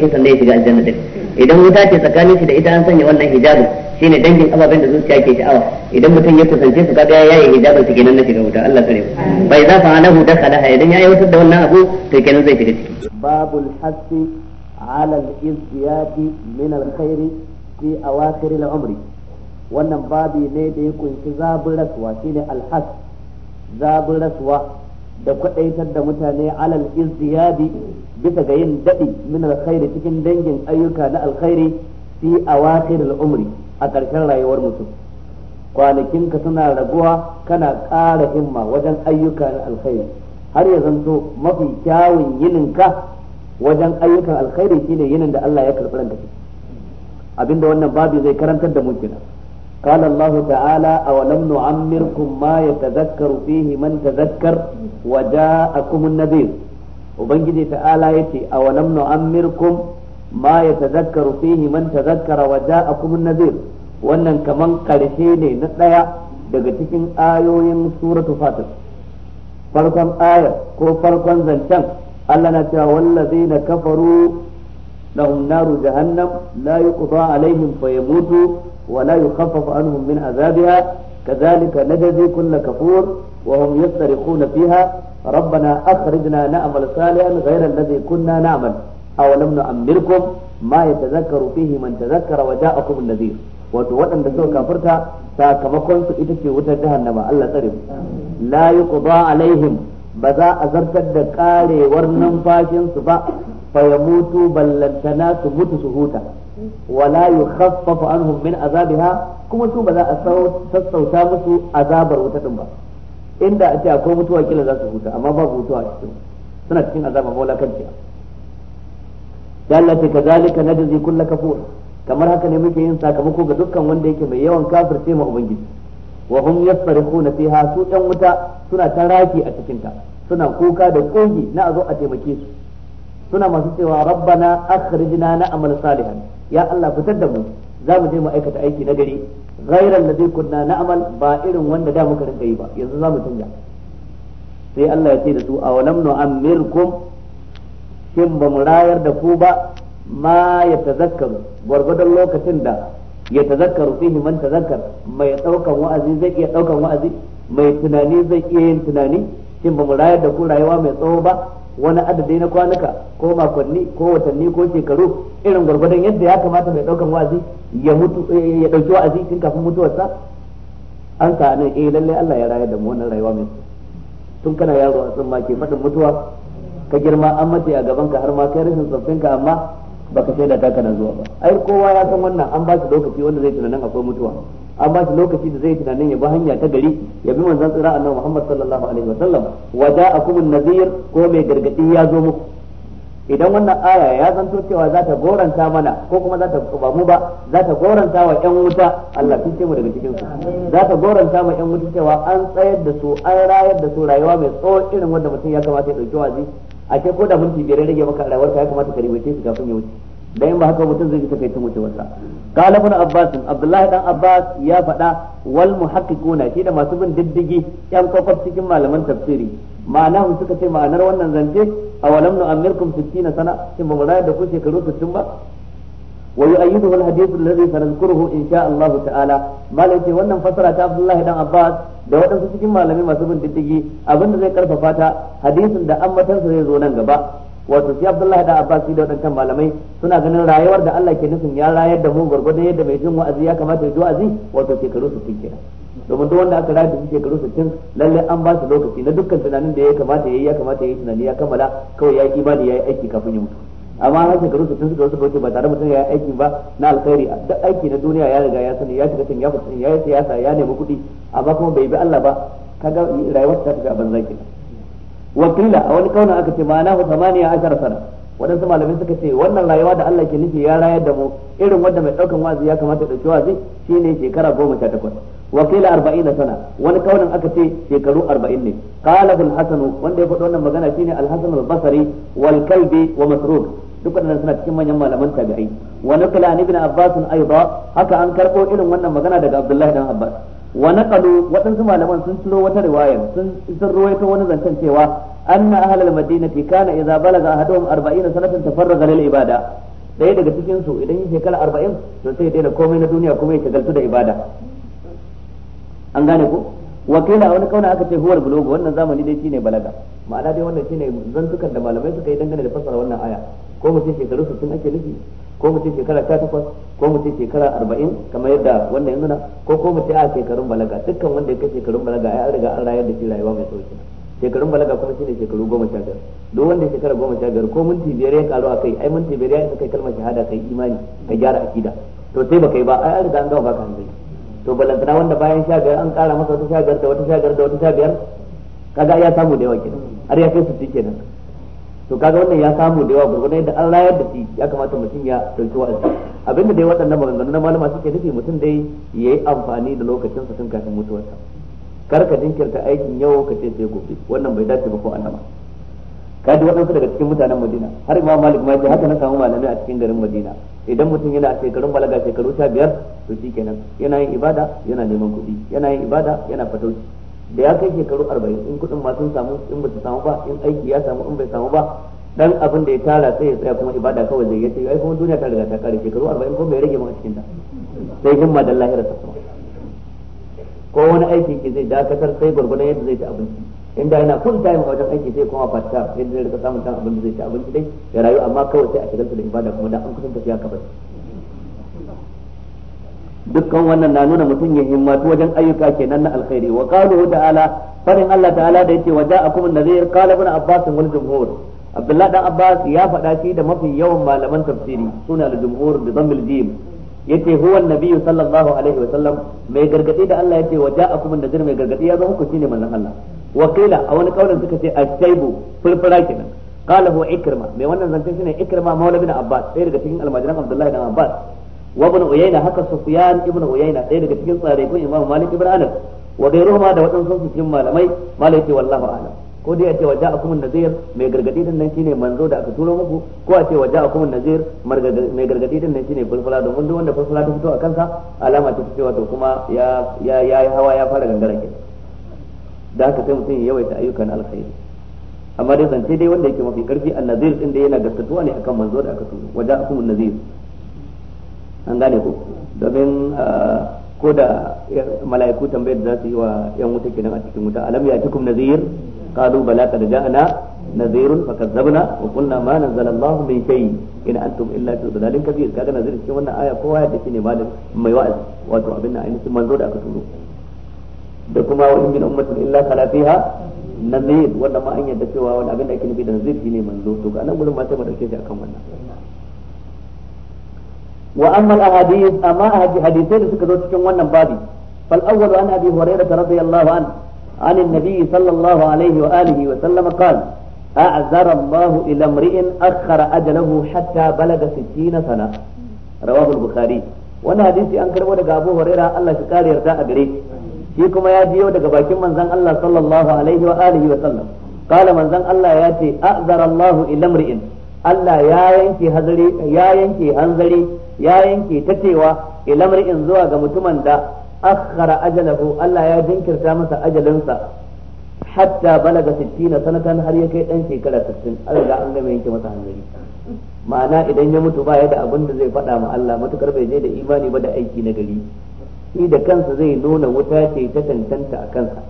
shi sanda ya shiga aljanna din idan wuta ce tsakanin shi da ita an sanya wannan hijabin shine dangin ababen da zuciya ke sha'awa idan mutum ya kusance su kaga ya yi hijabin su kenan na shiga wuta Allah kare fa idza da dakhalaha idan ya wutar da wannan abu to kenan zai shiga ciki babul hasbi ala al-izdiyat min al-khair fi awakhir al-umri wannan babi ne da ya kunshi rasuwa shine al-has rasuwa da kwadaitar da mutane alal izdiyadi bisa ga yin dadi min alkhairi cikin dangin ayyuka na alkhairi fi awakhir al'umri a ƙarshen rayuwar mutum kwanakin ka suna raguwa kana ƙara himma wajen ayyuka na alkhairi har ya zanto mafi kyawun yinin ka wajen ayyukan alkhairi shine yinin da Allah ya karɓi ranka abinda wannan babu zai karantar da mu kenan قال الله تعالى أولم نعمركم ما يتذكر فيه من تذكر وجاءكم النذير وبنجي تعالى يتي أولم نعمركم ما يتذكر فيه من تذكر وجاءكم النذير wannan kaman karshe ne na ɗaya daga cikin ayoyin suratu fatir farkon ayar ko farkon zancen Allah na cewa na kafaru lahum naru jahannam la yuqda alaihim fayamutu ولا يخفف عنهم من عذابها كذلك نجزي كل كفور وهم يصرخون فيها ربنا أخرجنا نعمل صالحا غير الذي كنا نعمل أولم نعمركم ما يتذكر فيه من تذكر وجاءكم النذير wato waɗanda suka kafirta sakamakon su ita ce wutar jahannama Allah tsare mu la yuqda alaihim ba za a zartar da ƙarewar numfashinsu ba fa yamutu ballantana su mutu su huta wala yukhaffafu anhum min azabiha kuma su ba za a sassauta musu azabar wuta ba inda a ce akwai mutuwa kila za su huta amma babu mutuwa a cikin suna cikin azaba mawlakanciya ya Allah ce kazalika najzi kullu kafur kamar haka ne muke yin sakamako ga dukkan wanda yake mai yawan kafirce ma ubangiji wa hum yasfarihuna fiha su dan wuta suna taraki a cikin ta suna kuka da kogi na azo a taimake su suna masu cewa rabbana akhrijna na amal salihan ya Allah fitar da mu za mu je mu aikata aiki na gari ghairal ladhi kunna na'mal ba irin wanda da muka rinka yi ba yanzu za mu canja sai Allah ya ce da su awalam nu'ammirkum shin ba mu rayar da ku ba ma ya tazakkaru gwargwadon lokacin da ya tazakkaru fihi man tazakkar mai daukan wa'azi zai iya daukan wa'azi mai tunani zai iya yin tunani shin ba mu rayar da ku rayuwa mai tsawo ba wani adadi na kwanuka ko makonni ko watanni ko shekaru irin gwargwadon yadda ya kamata mai daukan wa'azi ya mutu ya dauki wa'azi tun kafin mutuwarsa an ka nan eh lalle Allah ya rayar da mu wannan rayuwa mai tun kana yaro a tsamma ke fadin mutuwa ka girma an mace a gaban ka har ma kai rashin tsoffin ka amma baka da ta kana zuwa ba ai kowa ya san wannan an ba shi lokaci wanda zai tunanin akwai mutuwa an ba shi lokaci da zai tunanin ya bi hanya ta gari ya bi manzon tsira annabi Muhammad sallallahu alaihi wa sallam wa ja'akum an-nadhir ko mai gargadi ya zo muku idan wannan aya ya zanto cewa za ta goranta mana ko kuma za ta ba mu ba za ta goranta wa yan wuta Allah sun ce mu daga cikin su za ta goranta ma yan wuta cewa an tsayar da su an rayar da su rayuwa mai tsawo irin wanda mutum ya kamata ya dauki wazi a ke ko da minti biyar rage maka rayuwar ka ya kamata ka ribace shi kafin ya wuce da yin ba haka mutum zai ta takaicin wasa kala ibn abbas abdullahi dan abbas ya faɗa wal muhaqqiquna shi da masu bin diddigi yan kofar cikin malaman tafsiri ma'ana mu suka ce ma'anar wannan zance awalam nu amirkum 60 sana shin ba mu rayar da ku shekaru 60 ba ويؤيده الحديث الذي سنذكره ان شاء الله تعالى ما ليس wannan fasara ta Abdullah dan Abbas da wadansu cikin malami masu bin diddigi abinda zai karfafa ta hadisin da ammatan sa zai zo nan gaba wato sai Abdullah dan Abbas da wadannan malamai suna ganin rayuwar da Allah ke nufin ya rayar da mu gurgurdan yadda mai jin wa'azi ya kamata ya ji wa'azi wato shekaru 60 kenan domin duk wanda aka rada shekaru 60 lalle an ba lokaci na dukkan tunanin da ya kamata yayi ya kamata yi tunani ya kammala kawai ya imani yi aiki kafin ya mutu amma har shekaru su suka wasu bauta ba tare mutum ya yi aiki ba na alkhairi duk aiki na duniya ya riga ya sani ya shiga can ya fita ya yi siyasa ya nemi kuɗi amma kuma bai bi Allah ba kaga rayuwar ta tafi a banza kenan wakila a wani kauna aka ce ma'ana hu samaniya ashara sana waɗansu malamai suka ce wannan rayuwa da Allah ke nufi ya rayar da mu irin wanda mai ɗaukan wazi ya kamata ɗauki wazi shine shekara goma sha takwas aka ce shekaru arba'in ne kalabul hasanu wanda ya faɗi wannan magana shine مغانا شيني wal kalbi wa ومسروق duk waɗannan suna cikin manyan malaman tabi'ai wa naqala an ibn abbas aidan haka an karbo irin wannan magana daga abdullahi dan abbas wa naqalu waɗansu malaman sun ciro wata riwaya sun sun ruwaito wani zancen cewa anna ahlal madinati kana idza balaga ahaduhum 40 sanatan tafarraga lil ibada daya daga cikin su idan yake kala 40 to sai ya daina komai na duniya kuma ya shagaltu da ibada an gane ko wakila wani kauna aka ce huwar bulogo wannan zamani dai shine balaga ma'ana dai wannan shine zantukan da malamai suka yi dangane da fassara wannan aya ko mu ce shekaru sittin ake nufi ko mu ce shekara takwas ko mu ce shekara arba'in kamar yadda wannan yana ko ko mu ce a shekarun balaga dukkan wanda ya kai shekarun balaga ya riga an rayar da shi rayuwa mai sauki shekarun balaga kuma shine shekaru goma biyar duk wanda shekara biyar ko minti biyar ya a kai ai minti biyar ya isa kai kalmar shahada kai imani ka gyara akida to sai baka yi ba ai an riga an gama baka hanzari to balantana wanda bayan sha biyar an kara masa wata sha biyar da wata sha biyar da wata sha biyar kaga ya samu da yawa kenan har ya kai sittin kenan to kaga wannan ya samu da yawa gurgurdan da an layar da shi ya kamata mutum ya dauki wa'azi abinda dai waɗannan maganganu na malama suke nufi mutum dai yi amfani da lokacinsa tun kafin mutuwarsa kar ka jinkirta aikin yau ka ce sai gobe wannan bai dace ba ko annama ka ji waɗansu daga cikin mutanen Madina har Imam Malik ma ya haka na samu malamai a cikin garin Madina idan mutum yana a shekarun balaga shekaru sha biyar to shikenan yana yin ibada yana neman kuɗi yana yin ibada yana fatauci da ya kai shekaru arba'in in kuɗin ba sun samu in ba su samu ba in aiki ya samu in bai samu ba dan abin da ya tara sai ya tsaya kuma ibada kawai zai yace ai kuma duniya ta riga ta kare shekaru arba'in ko bai rage a cikin ta sai himma da lahira ta kuma ko wani aiki ki zai dakatar sai gurgurdan yadda zai ci abinci in da yana full time a wajen aiki sai kuma part time yadda zai rika samun dan abin da zai ci abinci dai ya rayu amma kawai sai a shigar da ibada kuma dan an shi tafiya kabari dukkan wannan na nuna mutum ya himmatu wajen ayyuka kenan na alkhairi wa qalu ta'ala farin Allah ta'ala da yace wa ja'akum an-nadhir qala ibn abbas wal jumhur abdullah dan abbas ya faɗa shi da mafi yawan malaman tafsiri suna al jumhur bi dhammil jim yace huwa an-nabiy sallallahu alaihi wa sallam mai gargadi da Allah yace wa ja'akum an-nadhir mai gargadi ya zo muku shine manzon Allah wa qila a wani kaulin suka ce at-taibu fulfura kenan qala huwa ikrima mai wannan zancen shine ikrima maula bin abbas sai daga cikin almajiran abdullah dan abbas wa ibn uyayna haka sufyan ibn uyayna ɗaya daga cikin tsare kun imam malik ibn anas wa da waɗansu su cikin malamai malai ce wallahu ko dai a ce waja akumun nazir mai gargadi din nan shine manzo da aka turo muku ko a ce waja akumun nazir mai gargadi din nan shine fulfula domin duk wanda fulfula ta fito a kansa alama ta cewa to kuma ya ya ya hawa ya fara gangara ke da haka sai mutum ya yawaita ayyukan alkhairi amma dai zance dai wanda yake mafi karfi annazir din da yana gaskatuwa ne akan manzo da aka turo an gane ku domin ah, ko da mala'iku tambayar da za su yi wa yan wuta kenan a cikin wuta alam ya cikin nazir kalu bala daga ana nazirun fakazzabna wa kunna ma nazzala Allah min shay in antum illa fi dhalalin kabir kaga nazir cikin wannan aya kowa ya dace ne malam mai wa'azi wato abin nan ainihin manzo da aka turo da kuma wa min ummatin illa khala fiha nazir wanda ma an yadda cewa wani abin da ake nufi da nazir shine manzo to ga nan gurin ma sai mu dauke shi akan wannan wa a al-ahadith amma hadisai da suka zo cikin wannan babi fal awwalu an abi hurairah radiyallahu an an an-nabi sallallahu alaihi wa alihi wa sallam qala أعذر الله إلى امرئ أخر أجله حتى بلغ ستين سنة رواه البخاري وانا حديثي أنكر ودك أبو هريرة الله شكال يرجاء بريك شيكما يجي ودك باكم من زن الله صلى الله عليه وآله وسلم قال من زن الله ياتي أعذر الله إلى امرئ Allah ya yanke hazari ya yanke hanzari ya yanke ta cewa ilamar in zuwa ga mutumin da akhara ajalahu Allah ya jinkirta masa ajalinsa hatta balaga 60 sanatan har ya kai dan shekara 60 Allah an gama yanke masa hanzari ma'ana idan ya mutu ba ya da abin da zai faɗa ma Allah matukar bai je da imani ba da aiki na gari shi da kansa zai nuna wuta ce ta tantanta a kansa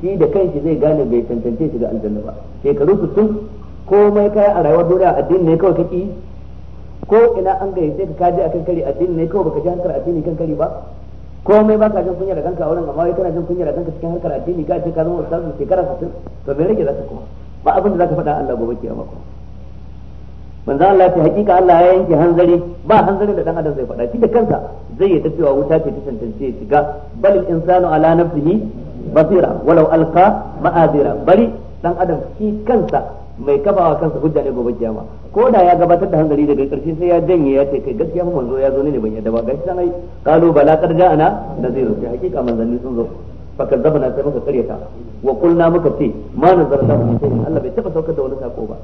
shi da kanshi zai gane bai tantance shi ga aljanna ba shekaru 60 komai kai a rayuwar duniya addini ne kawai kake ko ina an gayyace ka kaji akan kari addini ne kawai baka ji harkar addini kan kari ba komai baka jin kunya da kanka a wurin amma wai kana jin kunya da kanka cikin harkar addini ka ce ka zama ustazu shekara 60 to me rage zaka kuma ba abin da zaka faɗa Allah gobe kiyama kuma manzo Allah ya hakika Allah ya yanke hanzari ba hanzarin da dan adam zai faɗa shi da kansa zai yi tafiya wuta ce ta tantance ya shiga bal insanu ala nafsihi basira walau alqa ma'azira bari dan adam shi kansa mai kafawa kansa hujja ne gobe jama'a ko da ya gabatar da hanzari daga karshe sai ya janye ya ce kai gaskiya mun manzo ya zo ne ban yadda ba gashi san ai qalu bala qad ja'ana nadhiru sai hakika manzanni sun zo fa kadzabna sai muka karyata wa qulna muka ce ma nazarna min sai Allah bai taba saukar da wani sako ba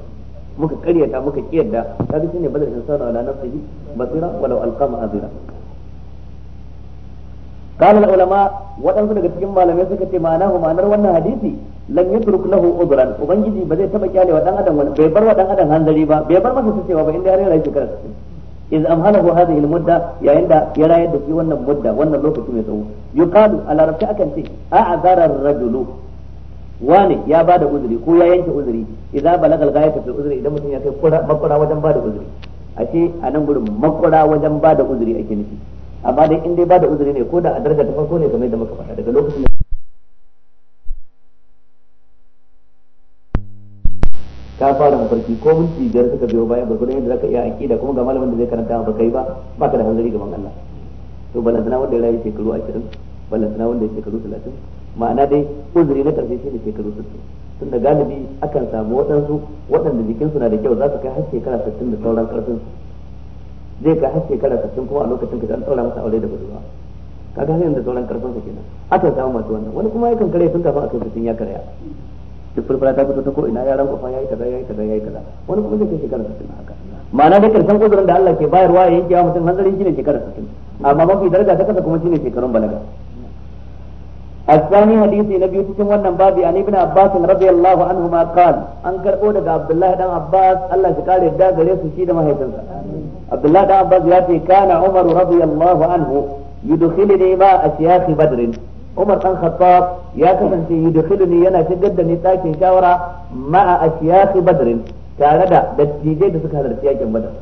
muka karyata muka kiyarda kaga shine balal insanu ala nafsihi basira walau alqama azira قال العلماء waɗansu daga cikin malamai suka ce ma'ana hu ma'anar wannan hadisi lan yatruk lahu udran ubangiji ba zai taba kyale wa dan adam bai bar wa dan adam hanzari ba bai bar masa cewa ba inda ya rayu shi karanta iz amhalahu hadhihi almudda yayin da ya rayar da shi wannan mudda wannan lokaci mai tsawo yuqalu a larabci akan ce a azara rajulu wani ya bada uzuri ko ya yanke uzuri idza balagal ghayata fil uzuri idan mutum ya kai makura wajen bada uzuri ashe a nan gurin makura wajen bada uzuri ake nufi amma dai in dai ba da uzuri ne ko da a daraja ta farko ne kamar yadda muka faɗa daga lokacin da ka fara mafarki ko minti biyar suka biyo baya gurgurdan yadda zaka iya da kuma ga malamin da zai karanta ba kai ba ba ka da hanzari gaban Allah to balantana wanda ya rayu shekaru 20 balantana wanda ya shekaru 30 ma'ana dai uzuri na shi ne shekaru tun tunda galibi akan samu waɗansu waɗanda jikinsu na da kyau za su kai har shekara 60 da sauran karfin su zai ka har shekara sittin kuma a lokacin ka an ɗaura masa aure da budurwa kaga har yanzu sauran karfin sa kenan akan samu masu wannan wani kuma yakan kare tun kafin a kai sittin ya karya duk furfura ta fito ta ko ina yaran kwafa yayi kaza yayi kaza yayi kaza wani kuma zai kai shekara sittin haka ma'ana da karshen kudurin da Allah ke bayarwa ya yanke wa mutum hanzarin shi shine shekara sittin amma mafi daraja ta kasa kuma shine shekarun balaga الثاني حديث نبي تكون ونن بابي عن ابن عباس رضي الله عنهما قال أن كربو دقى عبد الله بن عباس الله شكال يدى غريس شيد ما هيتنسى عبد الله بن عباس ياتي كان عمر رضي الله عنه يدخلني مع أشياخ بدر عمر بن الخطاب يا كفنتي يدخلني أنا شقد نتاكي شاورا مع أشياخ بدر tare da dattijai da suka halarci yakin badar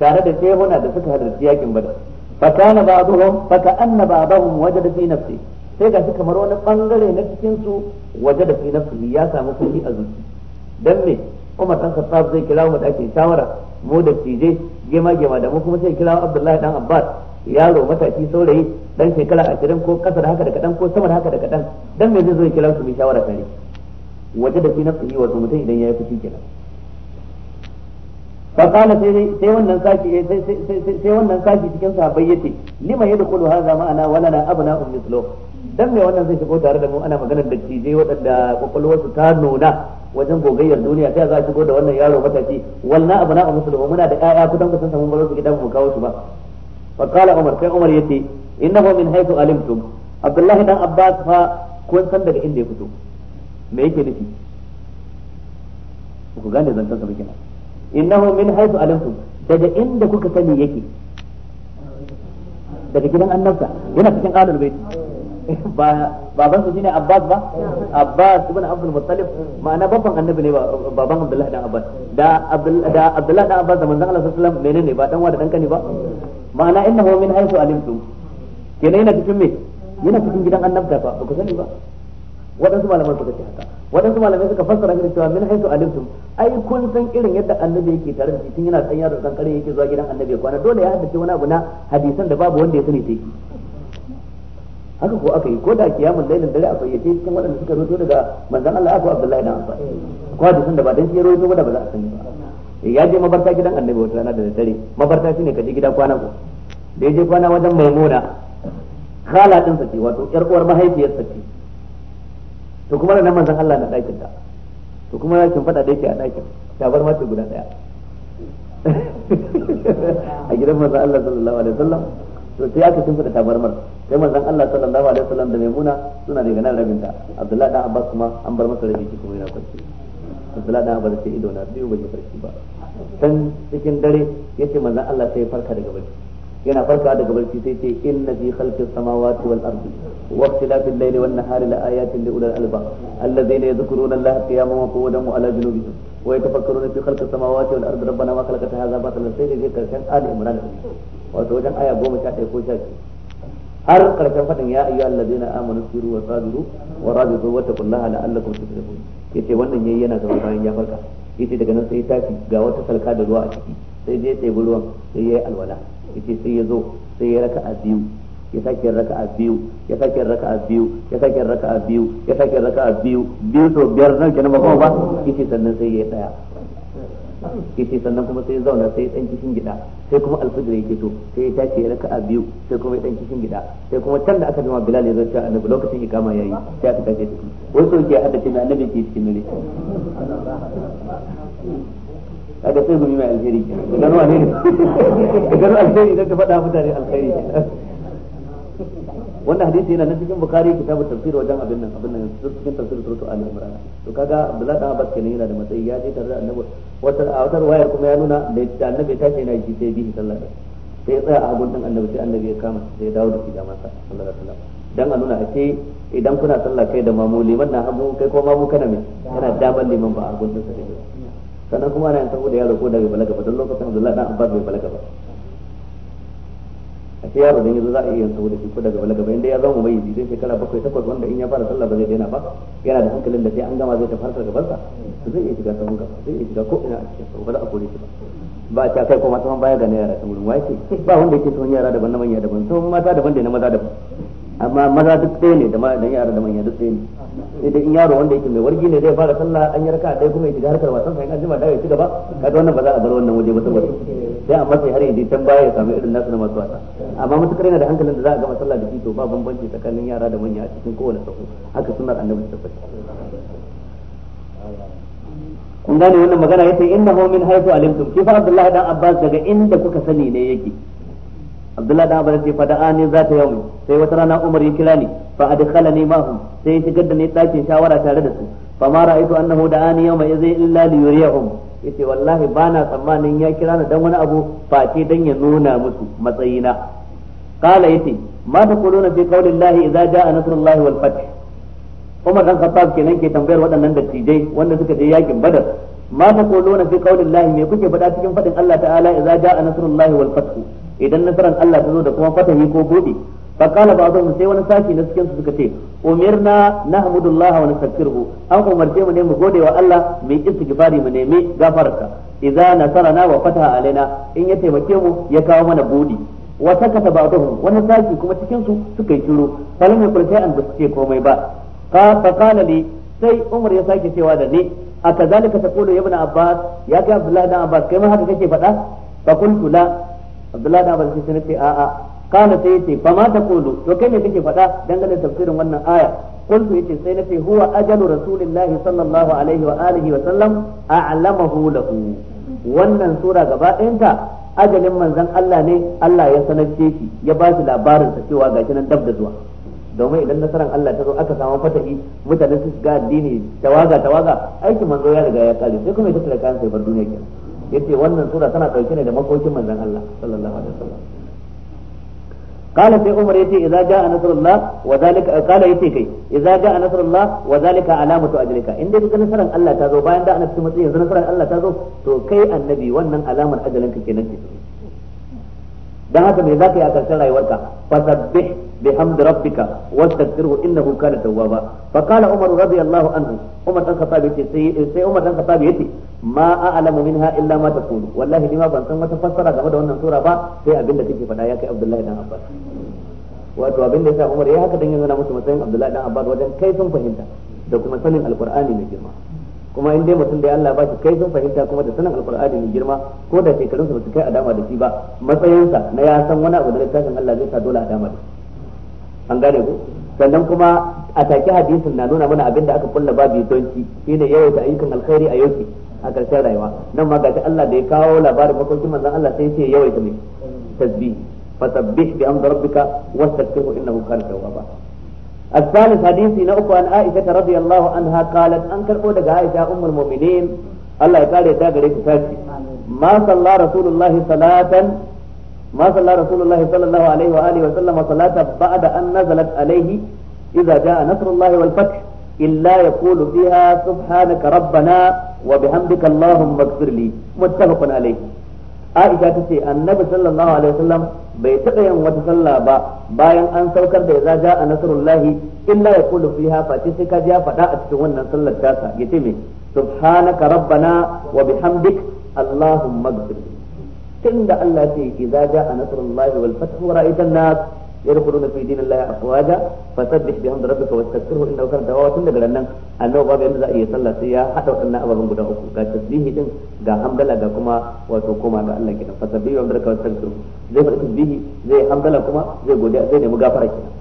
tare da shehuna da suka halarci yakin badar fa kana ba'dhum fa ka'anna ba'dahum wajada fi nafsihi sai ga shi kamar wani bangare na cikin su waje da fi nafsi ya samu kuɗi a zuci dan me Umar dan Khattab zai kira mu da ke shawara mu da tije gema gema da mu kuma sai kira Abdullahi dan Abbas yaro matashi saurayi dan shekara 20 ko kasa da haka da kadan ko sama da haka da kadan dan me zai zo kira su bi shawara tare waje da fi nafsi wa mutai idan yayi fushi kenan فقال eh, sai sai wannan saki sai sai sai wannan saki cikin sahabbai yace lima yadkhulu hadha ma'ana wala na abna um dan mai wannan zai shigo tare da mu ana maganar dattijai waɗanda kwakwalwarsu ta nuna wajen gogayyar duniya sai za a shigo da wannan yaro matashi walna abu na musulma muna da ƴaƴa kudan kusan samun baro su gida mu kawo su ba fa qala umar sai umar yace innahu min haythu alimtum abdullahi dan abbas fa kun san daga inda ya fito me yake nufi ku gane zantan sa ba kenan innahu min haythu alimtum daga inda kuka sani yake daga gidan annabta yana cikin alul baiti ba baban su shine Abbas ba Abbas ibn Abdul Muttalib ma'ana baban annabi ne baban Abdullahi dan Abbas da da Abdullahi dan Abbas da manzon Allah sallallahu alaihi wasallam menene ba dan wa da dan kani ba ma'ana innahu min haythu alimtu kenan yana cikin me yana cikin gidan annabta ba ba ku sani ba waɗansu malaman suka ce haka waɗansu malamai suka fassara shi cewa min haythu alimtum ai kun san irin yadda annabi yake tare da shi tun yana tsanya da kankare yake zuwa gidan annabi kwana dole ya haddace wani abu na hadisan da babu wanda ya sani sai haka ko aka yi ko da kiyamun lailin dare a fayyace cikin waɗanda suka zo daga manzan Allah ko Abdullahi dan Abbas ko hadisin da ba dan shi yaro ba da ba za a sani ba eh, ya je mabarta gidan Annabi wata rana da dare mabarta shine ka je gida kwana ko da ya je kwana wajen Maimuna khala din sa ce wato yar uwar mahaifiyar sa ce to kuma nan manzan Allah na ɗakin ta to kuma ya kin fada da yake a ɗakin ta bar ce guda daya a gidan manzan Allah sallallahu alaihi wasallam to sai aka kin fada tabarmar sai manzon Allah sallallahu alaihi wasallam da Maimuna suna daga nan rabinta Abdullahi dan Abbas kuma an bar masa rabi kuma yana kwanci Abdullahi dan Abbas sai ido na biyu bai farki ba dan cikin dare yace manzon Allah sai farka daga barci yana farka daga barci sai ce inna fi khalqi samawati wal ardi wa ikhtilafil layli wan nahari la ayatin li ulil albab alladhina yadhkuruna Allaha qiyaman wa qu'udan wa ala junubihim wa yatafakkaruna fi khalqi samawati wal ardi rabbana ma khalaqta hadha batilan sai da karshen Ali Imran wato wajen aya 11 ko 12 har karshen fadin ya ayyuhal alladheena amanu siru wa sabiru wa rabitu wa taqullaha la'allakum tuflihun yace wannan yayi yana zama bayan ya farka yace daga nan sai tafi ga wata salka da ruwa a ciki sai je sai ruwan sai yayi alwala yace sai ya zo sai ya raka'a biyu ya sake raka'a biyu ya sake raka'a biyu ya sake raka'a biyu ya sake raka'a biyu biyu to biyar nan kenan ba ba yace sannan sai yayi daya sai sannan kuma sai zauna sai dan kishin gida sai kuma alfajir yake to sai ya tace ya raka'a biyu sai kuma ya dan kishin gida sai kuma can da aka jima bilal ya zo ta annabi lokacin ikama yayi sai aka shi wai so yake hada ce annabi ke cikin dare kaga sai gumi mai alheri ke ruwa wane ne ruwa alheri idan ka faɗa mutane alheri wannan hadisi yana na cikin bukari kitabu tafsir wajen abin nan abin nan cikin tafsir suratul al-imran to kaga abdullahi da abbas kenan yana da matsayi ya je tare da annabi wata a wata wayar kuma ya nuna da annabi ta tashi na ji sai bihi sallallahu alaihi sai ya tsaya a hagun din annabi sai annabi ya kama sai ya dawo da shi da masa sallallahu alaihi wasallam dan a nuna a ce idan kuna sallah kai da mamu liman na hagu kai ko mamu kana mai kana damar liman ba a hagun din sa sannan kuma ana yin da yaro ko da bai balaga ba don lokacin Abdullahi dan Abbas bai balaga ba a ce yaro dan yanzu za a iya saboda shi ko daga balaga bayan da ya zama yi dan shekara bakwai takwas wanda in ya fara sallah ba zai daina ba yana da hankalin da sai an gama zai tafi gaban sa to zai iya shiga sahun gaba zai iya shiga ko ina a cikin sahun ba za a kore shi ba ba a kai kuma sahun baya ga na yara ta wurin wa ba wanda yake sahun yara daban na manya daban sahun mata daban da na maza daban amma maza duk tsaye ne da da yara da manya duk tsaye ne sai dai in yaro wanda yake mai wargi ne zai fara sallah an yi raka ɗaya kuma ya shiga harkar wasan sai an jima da ya ci gaba kaga wannan ba za a bar wannan waje ba saboda sai amma sai har yanzu can baya ya samu irin nasu na masu wasa amma mutukar yana da hankalin da za a gama sallah da shi to ba bambanci tsakanin yara da manya a cikin kowane sahu haka sunnar annabi ta tabbata kun gane wannan magana yace innahu min haythu alimtum kifa abdullahi dan abbas daga inda kuka sani ne yake Abdullah da abar ce Ani za ta yawmi sai wata rana umar ya kira ni fa ne ma'hum sai ya shigar da ni dakin shawara tare da su fa ma ra'aytu annahu da'ani ma zai illa li yuriyahum yace wallahi bana tsammanin ya kira ni dan wani abu ke dan ya nuna musu matsayina qala yace ma taquluna fi qawli idza ja'a nasrullahi wal fath Umar dan Khattab kenan ke tambayar waɗannan dattijai wanda suka je yakin Badar ma taquluna fi qawli me kuke faɗa cikin faɗin Allah ta'ala idza ja'a nasrullahi wal fath idan nasarar Allah ta zo da kuma fatahi ko buɗi fa qala ba'dhum sai wani sashi na cikin su suka ce umirna nahmudullah wa nastaghfiruhu an umarce mu ne mu gode wa Allah mu yi istighfari mu nemi gafararsa idza nasarana wa fataha alaina in ya taimake mu ya kawo mana buɗi wa ba ba'dhum wani sashi kuma cikin su suka yi shiru falam yakul shay'an ba ce komai ba fa ne li sai Umar ya sake cewa da ni akazalika taqulu ibn Abbas ya ga Abdullah dan Abbas kai ma haka kake faɗa fa qultu la abdullahi da abbas sai nace a'a kana sai yace fa ma kulu to kai me kake faɗa dangane da tafsirin wannan aya qultu yace sai nace huwa ajalu rasulillahi sallallahu alaihi wa alihi wa sallam a'lamahu lahu wannan sura gaba ɗayanta ajalin manzon Allah ne Allah ya sanar shi ya ba shi labarin sa cewa gashi nan dab da zuwa domin idan nasarar Allah ta zo aka samu fatahi mutane su ga addini tawaga tawaga aikin manzo ya riga ya kare sai kuma ya tattara kayan ya bar duniya kenan yace wannan sura tana dauke ne da makokin manzon Allah sallallahu alaihi wasallam قال سي عمر يتي اذا جاء نصر الله وذلك قال يتي كي اذا جاء نصر الله وذلك علامه اجرك ان دai kaga nasaran Allah ta zo bayan da annabi sun matsi yanzu nasaran Allah ta zo to kai annabi wannan alamar ajalinka kenan ce dan haka me zaka yi a karshen rayuwarka بحمد ربك واستغفره انه كان توابا فقال عمر رضي الله عنه عمر بن الخطاب سي عمر بن الخطاب يتي ما اعلم منها الا ما تقول والله لما ban san wata fassara game da wannan sura ba sai abin da kake faɗa ya kai Abdullahi dan Abbas wato abin da yasa Umar ya haka dan yana musu matsayin Abdullahi dan Abbas wajen kai sun fahimta da kuma sanin Alqur'ani mai girma kuma in dai mutum da Allah ba shi kai sun fahimta kuma da sanin alqur'ani mai girma ko da shekarunsa ba su kai adama da shi ba matsayinsa na ya san wani abu da littafin Allah zai sa dole a dama da shi an gane ku sannan kuma a take hadisin na nuna mana abin da aka kulla babu don shi shine yawaita ayyukan alkhairi a yauki a karshen rayuwa nan ma gashi Allah da ya kawo labarin makokin manzon Allah sai ce yawaita mai tasbih fasabbih bi amdi rabbika wastaghfirhu innahu kana tawwaba الثالث حديثي an عن عائشة رضي الله عنها قالت أنكر muminin عائشة أم المؤمنين ta يقال يتاقر ما صلى رسول الله صلاة ما صلى رسول الله صلى الله عليه وآله وسلم صلاة بعد أن نزلت عليه إذا جاء نصر الله والفتح إلا يقول فيها سبحانك ربنا وبحمدك اللهم اغفر لي متفق عليه Aisha ta ce annabi sallallahu alaihi wasallam bai taɓa yin wata sallah ba bayan an saukar da idza a nasrullahi illa yaqulu fiha fati sai kaji ya faɗa a cikin wannan sallar tasa yace me subhanaka allahumma tunda Allah ya ce idza a nasrullahi wal fathu wa ra'aitan nas يدخلون في دين الله افواجا فسبح بحمد ربك واستغفره انه كان توابا tun daga nan annabi babu yanda za a iya sallah sai ya hada wadannan ababen guda uku ga tasbihi din ga hamdala ga kuma wato koma ga Allah kenan fasabbi wa baraka wastaghfiru zai fara tasbihi zai hamdala kuma zai godiya zai nemi gafara kenan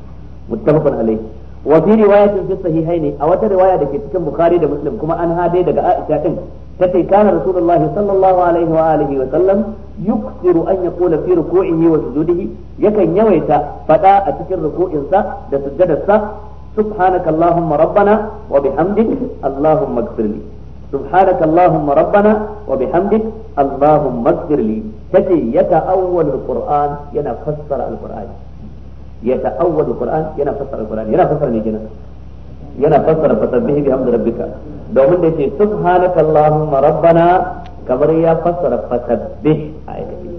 muttafaqun alayhi wa fi riwayatin fi sahihaini a wata riwaya da ke cikin bukhari da muslim kuma an hade daga aisha din tace kana rasulullahi sallallahu alaihi wa alihi wa sallam yuksiru an yaqula fi yi wa sujudihi yakan yawaita fada a cikin ruku'insa da sujjadarsa subhanaka allahumma rabbana wa bihamdik allahumma ighfirli subhanaka allahumma rabbana wa bihamdik allahumma ighfirli kace yata'awwal alquran yana fassara alqur'ani yata'awwal alquran yana fassara alqur'ani yana fassara ne yana fassara fasabbihi bihamdi domin da yake subhanaka kamar ya fassara fasabbih a aikace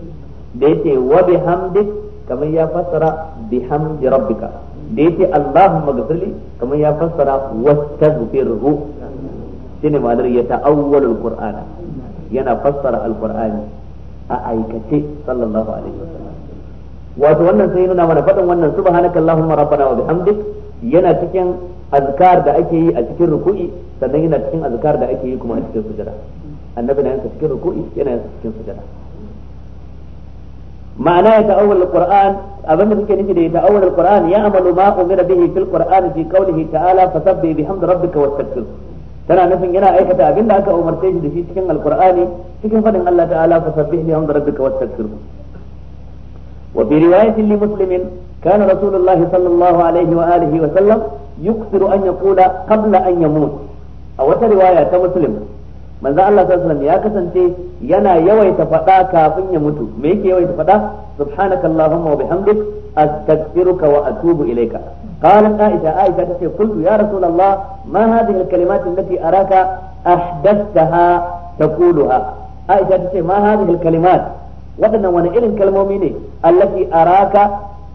da yake wa bihamdik kamar ya fassara bihamdi rabbika da yake allahumma ghfirli kamar ya fassara wastaghfirhu shine ma'anar ya ta'awwalul qur'ana yana fassara alqur'ani a aikace sallallahu alaihi wasallam wato wannan sai nuna mana fadin wannan subhanakallahumma rabbana wa bihamdik yana cikin azkar da ake yi a cikin ruku'i sannan yana cikin azkar da ake yi kuma a cikin sujada annabi na yanka cikin ruku'i yana yanka cikin sujada ma'ana ya ta'awwal alquran abinda suke nufi da ya ta'awwal alquran ya amalu ma umira bihi fil qur'an fi qawlihi ta'ala fasabbih bihamdi rabbika wastaghfir tana nufin yana aikata abinda aka umarce shi da shi cikin alqur'ani cikin fadin Allah ta'ala fasabbih bihamdi rabbika wastaghfir wa bi riwayatin li muslimin كان alaihi wa صلى wa عليه وآله وسلم يكثر أن يقول قبل a يموت riwaya ta مسلم manzo Allah sallallahu ya kasance yana yawaita fada kafin ya mutu me yake yawaita fada subhanakallahumma wa bihamdik astaghfiruka wa atubu ilayka qala aisha aisha tace kuntu ya rasulullah ma hadhihi alkalimat allati araka ahdathaha taquluha aisha tace ma hadhihi alkalimat wadannan wani irin kalmomi ne allati araka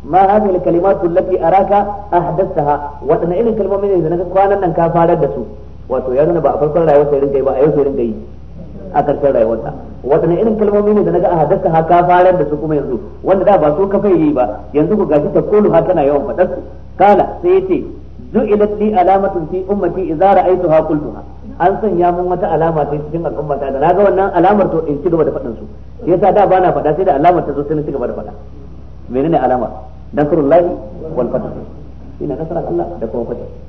ma hadhihi alkalimat allati araka ahdathaha wadannan irin kalmomi ne da kwanan nan ka farar da su wato ya nuna ba a farkon rayuwar sai rinka yi ba a yau sai rinka yi a karshen ta wadannan irin kalmomi ne da naga a haddasa haka farar da su kuma yanzu wanda da ba su ka fayi ba yanzu ku gashi takulu ha tana yawan faɗar su kala sai yace ju'ilat li alamatun fi ummati idza ra'aytuha qultuha an sanya mun wata alama ta cikin al'ummata da naga wannan alamar to in ci gaba da faɗin su yasa da ba na sai da alamar ta zo sai na ci gaba da fada menene alamar nasrullahi wal fatah ina kasara Allah da kuma fatah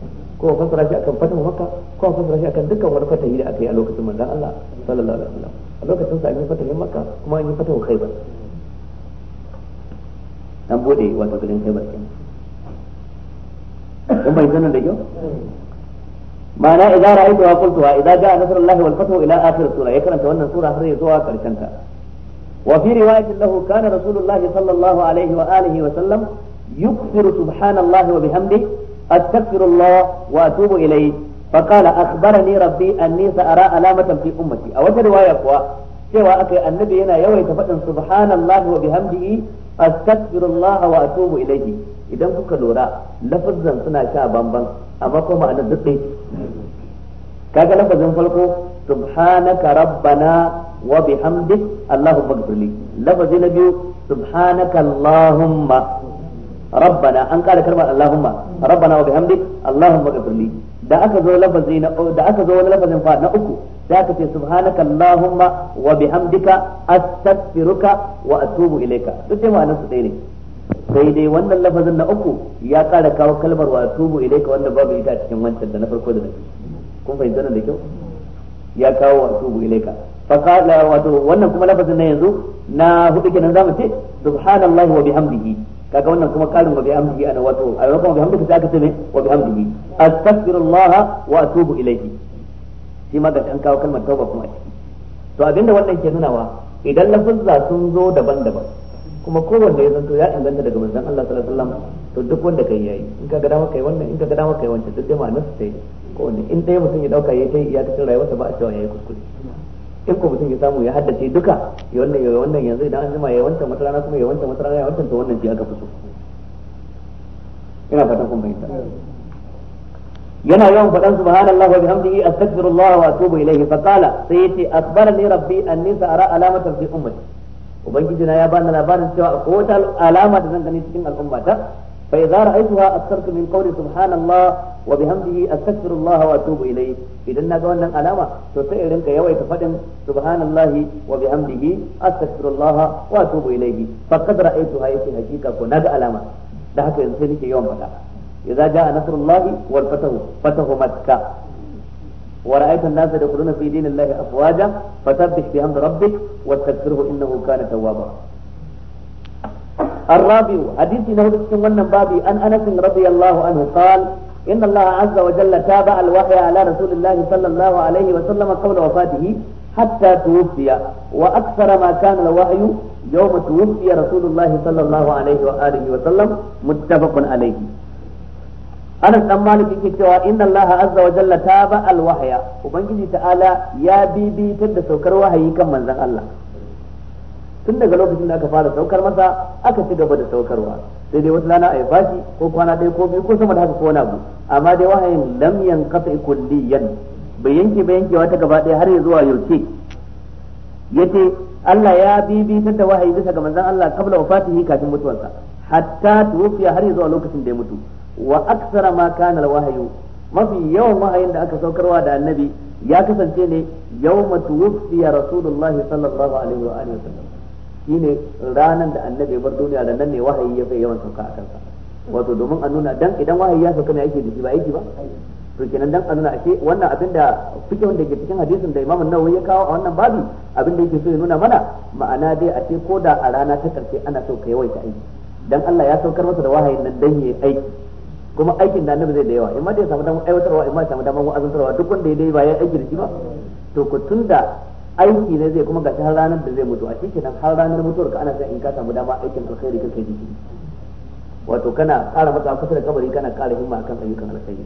ko fassara shi akan fatan makka ko fassara shi akan dukkan wani fatahi da aka yi a lokacin manzon Allah sallallahu alaihi wasallam a lokacin sa an yi fatahin makka kuma an yi fatahin khaibar an bude wato garin khaibar kenan kuma idan sanar da kyau ma'ana wa ra'aytuha wa idan ja'a nasrullahi wal fathu ila akhir sura ya karanta wannan sura har ya zuwa karshen ta wa fi riwayatin lahu kana rasulullahi sallallahu alaihi wa alihi wa sallam yukthiru subhanallahi wa bihamdihi أستغفر الله وأتوب إليه فقال أخبرني ربي أني سأرى علامة في أمتي أو رواية قوى سوى أكي النبي هنا يوي تفتن سبحان الله وبحمده أستغفر الله وأتوب إليه إذا كنت لورا لفظا سنا شاء بامبان أما كما أنا ذقي كاكا لفظا فلقو سبحانك ربنا وبحمدك اللهم اغفر لي لفظ نبي سبحانك اللهم rabbana an kara kalmar allahumma rabbana wa bihamdik allahumma ghfirli da aka zo lafazi na da aka zo wani lafazin fa na uku da aka ce subhanaka allahumma wa bihamdika astaghfiruka wa atubu ilaika duk dai ma'anar su ne sai dai wannan lafazin na uku ya kara kawo kalmar wa atubu ilaika wanda babu ita a cikin wancan da na farko da na kun fahimta nan da kyau ya kawo wa atubu ilaika fa wato wannan kuma lafazin na yanzu na hudu kenan zamu ce subhanallahi wa bihamdihi kaga wannan kuma karin wa bihamdihi ana wato a maimakon wa bihamdika sai aka ce me wa bihamdihi astaghfirullah wa atubu ilayhi shi ma ga an kawo kalmar tauba kuma a ciki to abinda wannan ke nunawa idan lafuzza sun zo daban-daban kuma kowanne ya zanto ya inganta daga manzon Allah sallallahu alaihi wasallam to duk wanda kai yayi in ka ga dama kai wannan in ka ga dama kai wancan duk dai ma'anar sai kowanne in dai mutum ya dauka yayi tai iyakacin rayuwarsa ba a cewa yayi kuskure in ko mutum ya samu ya haddace duka ya wannan ya wannan yanzu idan an jima ya wancan wata rana kuma ya wancan wata rana ya wancan to wannan ji aka fi so ina fatan kun fahimta yana yawan faɗan subhanallah wa bihamdihi astaghfirullah wa atubu ilayhi fa qala sai yace akhbarani rabbi anni sa'ara alamatan fi ummati ubangiji na ya bani labarin cewa akwai wata alama da zan gani cikin al'ummata fa idza ra'aytuha akthartu min qawli subhanallah wa bihamdihi astaghfirullah wa atubu ilayh idan wannan alama to sai in rinka yawaita fadin subhanallahi wa bihamdihi astaghfirullah wa atubu ilayh fa qad ra'aytuha yake hakika ko naga alama da haka yanzu sai nake yawan fada idza jaa nasrullahi wal fatahu fatahu makkah ورأيت الناس يدخلون في دين الله أفواجا فسبح بحمد ربك واستغفره إنه كان توابا الرابع حديث في ونن بابي أن أنس رضي الله عنه قال إن الله عز وجل تابع الوحي على رسول الله صلى الله عليه وسلم قبل وفاته حتى توفي وأكثر ما كان الوحي يوم توفي رسول الله صلى الله عليه وآله وسلم متفق عليه أنا الأمان في كتوى إن الله عز وجل تابع الوحي وبنجي تعالى يا بيبي تد سوكر وحي كم من الله tun daga lokacin da aka fara saukar masa aka ci gaba da saukarwa sai dai wata rana a yi bashi ko kwana ɗaya ko biyu ko sama da haka ko wani abu amma dai wahayin lam yankasa kulliyan bai yanke ba yankewa ta gaba ɗaya har ya zuwa yauke yace Allah ya ta da wahayi bisa ga manzon Allah kabla wafatihi kafin mutuwarsa hatta tuwfiya har ya zuwa lokacin da ya mutu wa aksara ma kana alwahyu mafi yawan wahayin da aka saukarwa da annabi ya kasance ne yawma tuwfiya rasulullahi sallallahu alaihi wa alihi shine ranan da annabi bar duniya da nan ne wahayi ya fi yawan sauka a kansa wato domin a nuna dan idan wahayi ya sauka ne yake da shi ba aiki ba to kenan dan a nuna ake wannan abin da fike wanda ke cikin hadisin da Imam Nawawi ya kawo a wannan babi abin da yake so ya nuna mana ma'ana dai a ce ko da a rana ta karshe ana so ka aiki dan Allah ya saukar masa da wahayin nan dan yayi aiki kuma aikin da annabi zai da yawa imma dai ya samu damar aiwatarwa imma ya samu damar wa'azantarwa duk wanda ya dai ba ya aiki da shi ba to ku tunda aiki ne zai kuma gashi har ranar da zai mutu a cikin har ranar mutuwar ka ana sai in ka samu dama aikin alkhairi kake jiki wato kana ƙara matsa kusa da kabari kana ƙara himma akan ayyukan alkhairi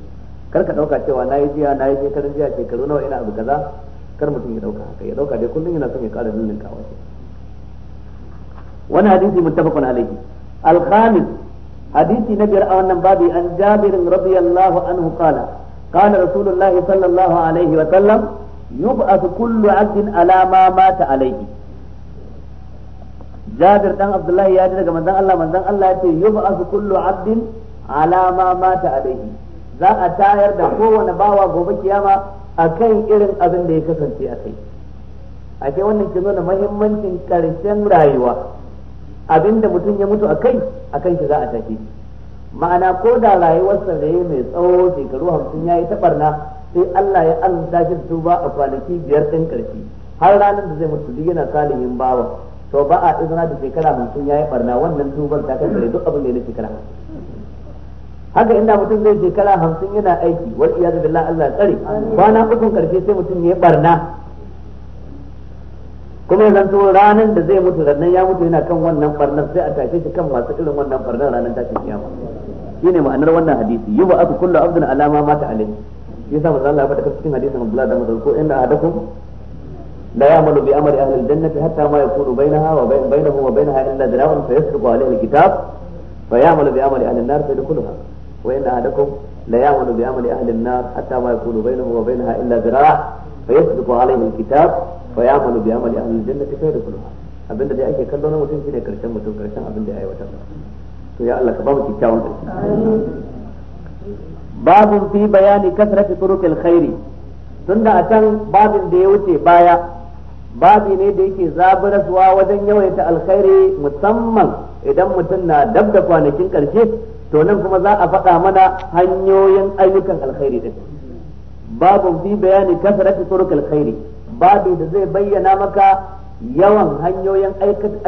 kar ka dauka cewa na yi jiya na yi shekarun jiya shekaru nawa ina abu kaza kar mutum ya dauka haka ya dauka dai kullum yana son ya ƙara nunin kawo shi wani hadisi muttafaqun alayhi al-khamis hadisi na biyar a wannan babi an jabirin radiyallahu anhu qala qala rasulullahi sallallahu alaihi wa sallam يبعث كل عبد على ما مات عليه جابر دان عبد الله يا daga manzon Allah manzon Allah yace yub'ath kullu 'abdin ala ma mata alayhi za a tayar da kowane bawa gobe kiyama akan irin abin da ya kasance a kai ake wannan ke nuna muhimmancin karshen rayuwa abinda mutum ya mutu a kai akan shi za a tafi ma'ana ko da rayuwarsa da ya mai tsawo shekaru hamsin ya yi ta sai Allah ya azurta shi tuba a kwanaki biyar ɗin ƙarfi har ranar da zai mutu yana salihin bawa to ba a izina da shekara hamsin ya yi barna wannan duban ta kankare duk abin da ya na shekara haka inda mutum zai shekara hamsin yana aiki wal iyadu billah Allah tsare kwana ukun karshe sai mutum ya barna kuma ya zanto ranar da zai mutu rannan ya mutu yana kan wannan barnar sai a tashe shi kan masu irin wannan barnar ranar tashin kiyama shine ma'anar wannan hadisi yuba aku kullu abdin alama mata alayhi yasa manzo Allah ya faɗa cikin hadisin Abdullah da Mas'ud ko inna ahadakum la ya'malu bi amri ahli al-jannati hatta ma yakunu bainaha wa bainahu wa bainaha illa dira'un fa yasbiqu alayhi al-kitab fa ya'malu bi amri ahli an-nar fa yadkhuluha wa inna ahadakum la ya'malu bi amri ahli an-nar hatta ma yakunu bainahu wa bainaha illa dira'un fa yasbiqu alayhi al-kitab fa ya'malu bi amri ahli al-jannati fa yadkhuluha abinda dai ake kallo na mutum shine karshen mutum karshen abin da ya aiwatar to ya Allah ka ba mu kyakkyawan karshe babun fi bayani kasrati turuqil khairi tunda a can babin da ya wuce baya babi ne da yake zaburaswa wajen yawaita alkhairi musamman idan mutum na dab da kwanakin karshe to nan kuma za a faɗa mana hanyoyin ayyukan alkhairi din babun fi bayani kasrati turuqil khairi babi da zai bayyana maka yawan hanyoyin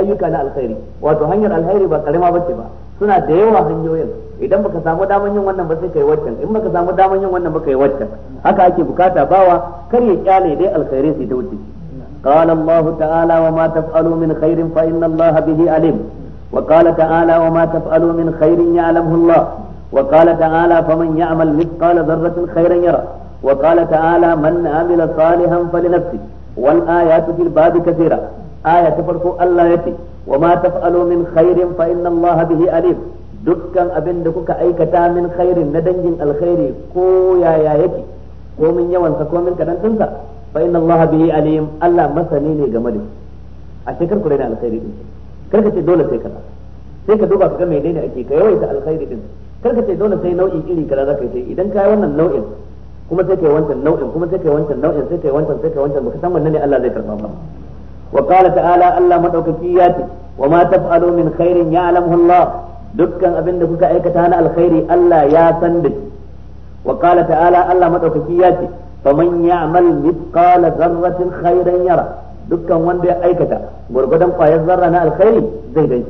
ayyuka na alkhairi wato hanyar alkhairi ba karima bace ba suna da yawa hanyoyin idan baka samu daman yin wannan ba sai kai waccan in baka samu daman yin wannan ba kai waccan haka ake bukata bawa kar ya kyale dai alkhairai sai ta wuce qala ta'ala wa ma taf'alu min khairin fa inna Allah bihi alim wa qala ta'ala wa ma taf'alu min khairin ya'lamuhu Allah ta'ala faman ya'mal mithqala dharratin khairan yara wa qala ta'ala man amila salihan falinafsihi wal ayatu fil babi kathira aya ta farko Allah yace wa ma taf'alu min khairin fa inna Allah bihi alim dukkan abin da kuka aikata min khairin na dangin alkhairi ko yaya yake ko min yawan ko min kadan sa fa inna Allah bihi alim Allah masani ne game da a shekar ku na alkhairi din kar ka ce dole sai kaza sai ka duba ka ga menene ake ka yawaita alkhairi din kar ka ce dole sai nau'i iri kaza zaka yi idan ka yi wannan nau'in kuma sai kai wancan nau'in kuma sai kai wancan nau'in sai kai wancan sai kai yi wancan baka san wanne ne Allah zai karba ba وقال تعالى الله مدوككيات وما تفعلوا من خير يعلمه الله dukkan abin kuka aikata na alkhairi Allah ya san da shi wa qala ta'ala Allah madaukaki ya ce faman ya'mal mithqala dharratin khairan yara dukkan wanda ya aikata gurgudan kwayar zarra na alkhairi zai gani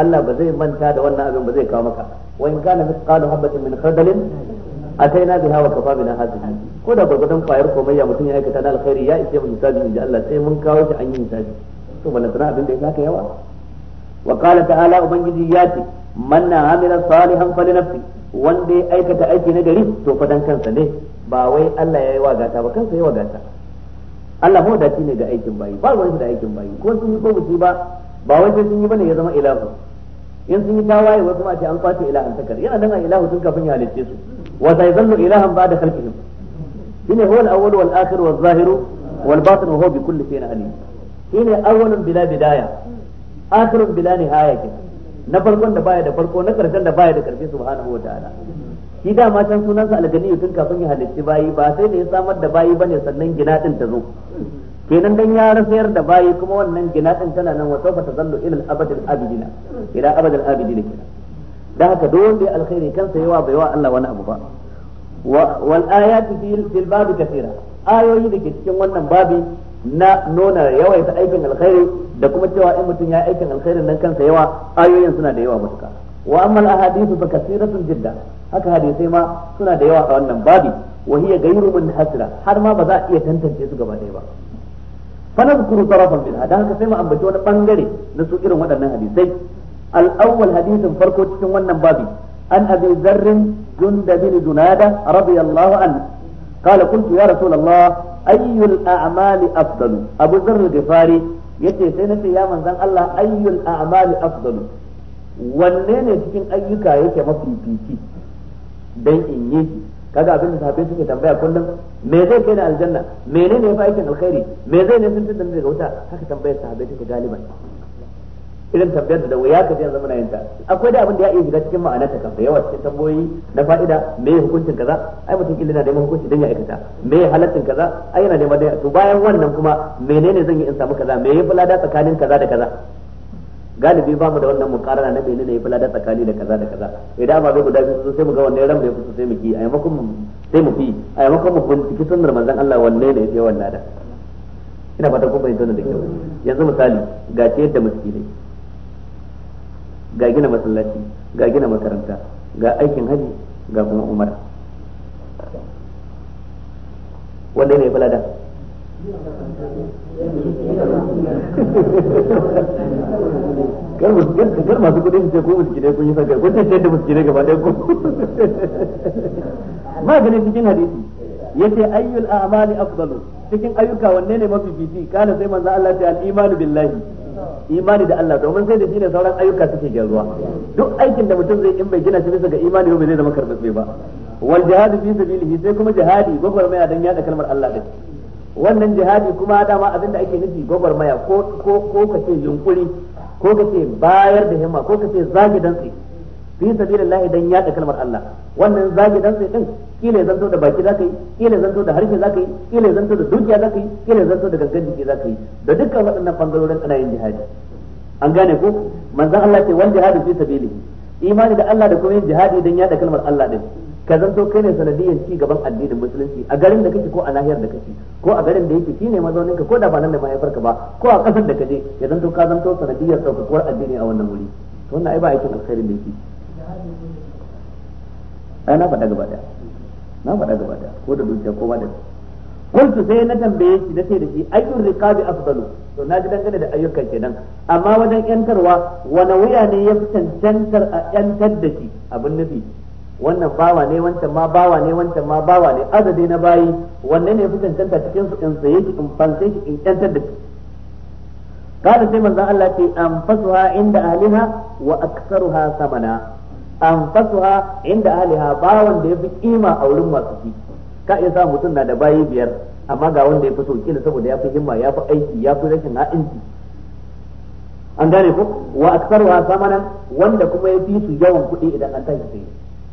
Allah ba zai manta da wannan abin ba zai kawo maka wa in kana mithqalu habatin min khardalin na biha wa kafa bina hadhihi ko da gurgudan kwayar ya mutum ya aikata na alkhairi ya ishe mu hisabi inji Allah sai mun kawo shi an yi hisabi to wannan tana abin da ya haka yawa wa qala ta'ala ubangiji ya ce man na amila salihan falinafsi wanda ya aikata aiki na gari to fa dan kansa ne ba wai Allah ya yi wa gata ba kansa ya wa gata Allah mu dace ne ga aikin bayi ba wani da aikin bayi ko sun yi ko ba ba wai sai sun yi bane ya zama ilahu in sun yi tawaye wasu ma ce an kwace ilahan takar yana nan ilahu tun kafin ya halicce su وسيظل إلها بعد خلقهم إن هو الأول والآخر والظاهر والباطن وهو بكل شيء عليم إن أول بلا بداية آخر بلا نهاية كده na farkon da baya da farko na karshen da baya da karshe subhanahu wa ta'ala shi da ma sunansa aljani tun kafin ya halitta bayi ba sai da ya samar da bayi ne sannan gina ɗin ta zo kenan dan ya rasayar da bayi kuma wannan gina ɗin tana nan wa sawfa tazallu ila al abidina ila abadil abidina kenan da haka duk wanda ya alkhairi kansa yawa bai wa Allah wani abu ba wal ayati fil babu kathira ayoyi da ke cikin wannan babi na nuna yawaita aikin alkhairi da kuma cewa in mutum ya aikin alkhairin nan kansa yawa ayoyin suna da yawa matuka wa amma al ahadithu fa kathiratun jidda haka hadisai ma suna da yawa a wannan babi wa hiya ghayru hasra har ma ba za a iya tantance su gaba dai ba fa nazkuru tarafan minha dan haka sai mu ambaci wani bangare na su irin waɗannan hadisai al-awwal hadisin farko cikin wannan babi an abi zarrin junda bin junada radiyallahu anhu قال قلت يا رسول الله أي الأعمال أفضل أبو ذر الغفاري yace sai nace ya manzon Allah ayyul a'mali afdalu wanne ne cikin ayyuka yake mafifici dan in yi shi kaga abin da sahabbai suke tambaya kullum me zai kai aljanna menene yafi aikin alkhairi me zai ne sun daga wuta haka tambayar sahabbai take galiban irin tambayar da wuya ka je zama yin ta akwai da abin da ya iya shiga cikin ma'ana ta kamfa yawa cikin tambayoyi na fa'ida me hukuncin kaza ai mutum kila na da hukunci dan ya aikata me halaccin kaza ai yana neman da to bayan wannan kuma menene zan yi in samu kaza me ya lada tsakanin kaza da kaza galibi ba mu da wannan mukarana na menene ya da tsakani da kaza da kaza idan ba zai guda biyu sai mu ga wannan ran da kusa sai mu ki a yamakon mu sai mu fi a maimakon mu binciki sunnar manzon Allah wanne ne ya fi wannan lada ina kuma kun bayyana da kyau yanzu misali ga ce yadda ne. ga gina masallaci ga gina makaranta ga aikin haji ga kuma umara wanda ne falada kar masu kudin ce ko musu kidai kun yi sadaka kun ce da musu kidai gaba ɗaya ko maganin cikin hadisi yace ayyul a'mali afdalu cikin ayyuka wanne ne mafi fiti kana sai manzo Allah ta al-imanu billahi imani da Allah domin sai da shi sauran ayyuka suke gyaruwa duk aikin da mutum zai in bai gina shi bisa ga imani ba zai zama karbatse ba wal jihadu fi sabilihi sai kuma jihadi maya dan yada kalmar Allah din wannan jihadi kuma dama abin da ake nufi gwagwarmaya ko ko ko kace yunkuri ko kace bayar da himma ko kace zagi dantsi fi sabilillah dan yada kalmar Allah wannan zagi dantsi din kila zanto da baki zaka yi kila zanto da harshe zaka yi kila zanto da dukiya ka yi kila zanto da gangan jiki ka yi da dukkan waɗannan bangarorin ana yin jihadi an gane ko manzon Allah ce wal jihadu fi tabili imani da Allah da kuma yin jihadi dan yada kalmar Allah din ka zanto kai ne sanadiyyar ci gaban addinin musulunci a garin da kake ko a nahiyar da kake ko a garin da yake shine mazauninka ko da ba nan da mahaifarka ba ko a kasar da kaje ya zanto ka zanto sanadiyar saukakuwar addini a wannan wuri to wannan ai ba aikin alkhairin da yake ana faɗa gaba daya na faɗa gabata ko da dukiya ko ba da kuntu sai na tambaye shi na ce da shi ayyun riqabi afdalu to na ji dangane da ayyukan kenan amma wajen yantarwa wani wuya ne ya fi cancantar a yantar da shi abin nufi wannan bawa ne wancan ma bawa ne wancan ma bawa ne adadi na bayi wanne ne fi cancanta cikin su in saye shi in fansa shi in yantar da shi kada sai manzon Allah ce anfasuha inda ahliha wa aktsaruha samana anfasuha inda ahliha bawan da yafi kima a wurin masu shi ka iya sa mutum na da bayi biyar amma ga wanda ya fi sauki da saboda ya fi himma ya fi aiki ya fi rashin na'inci an gane ko wa aktsaruha samanan wanda kuma ya fi su yawan kuɗi idan an tashi sai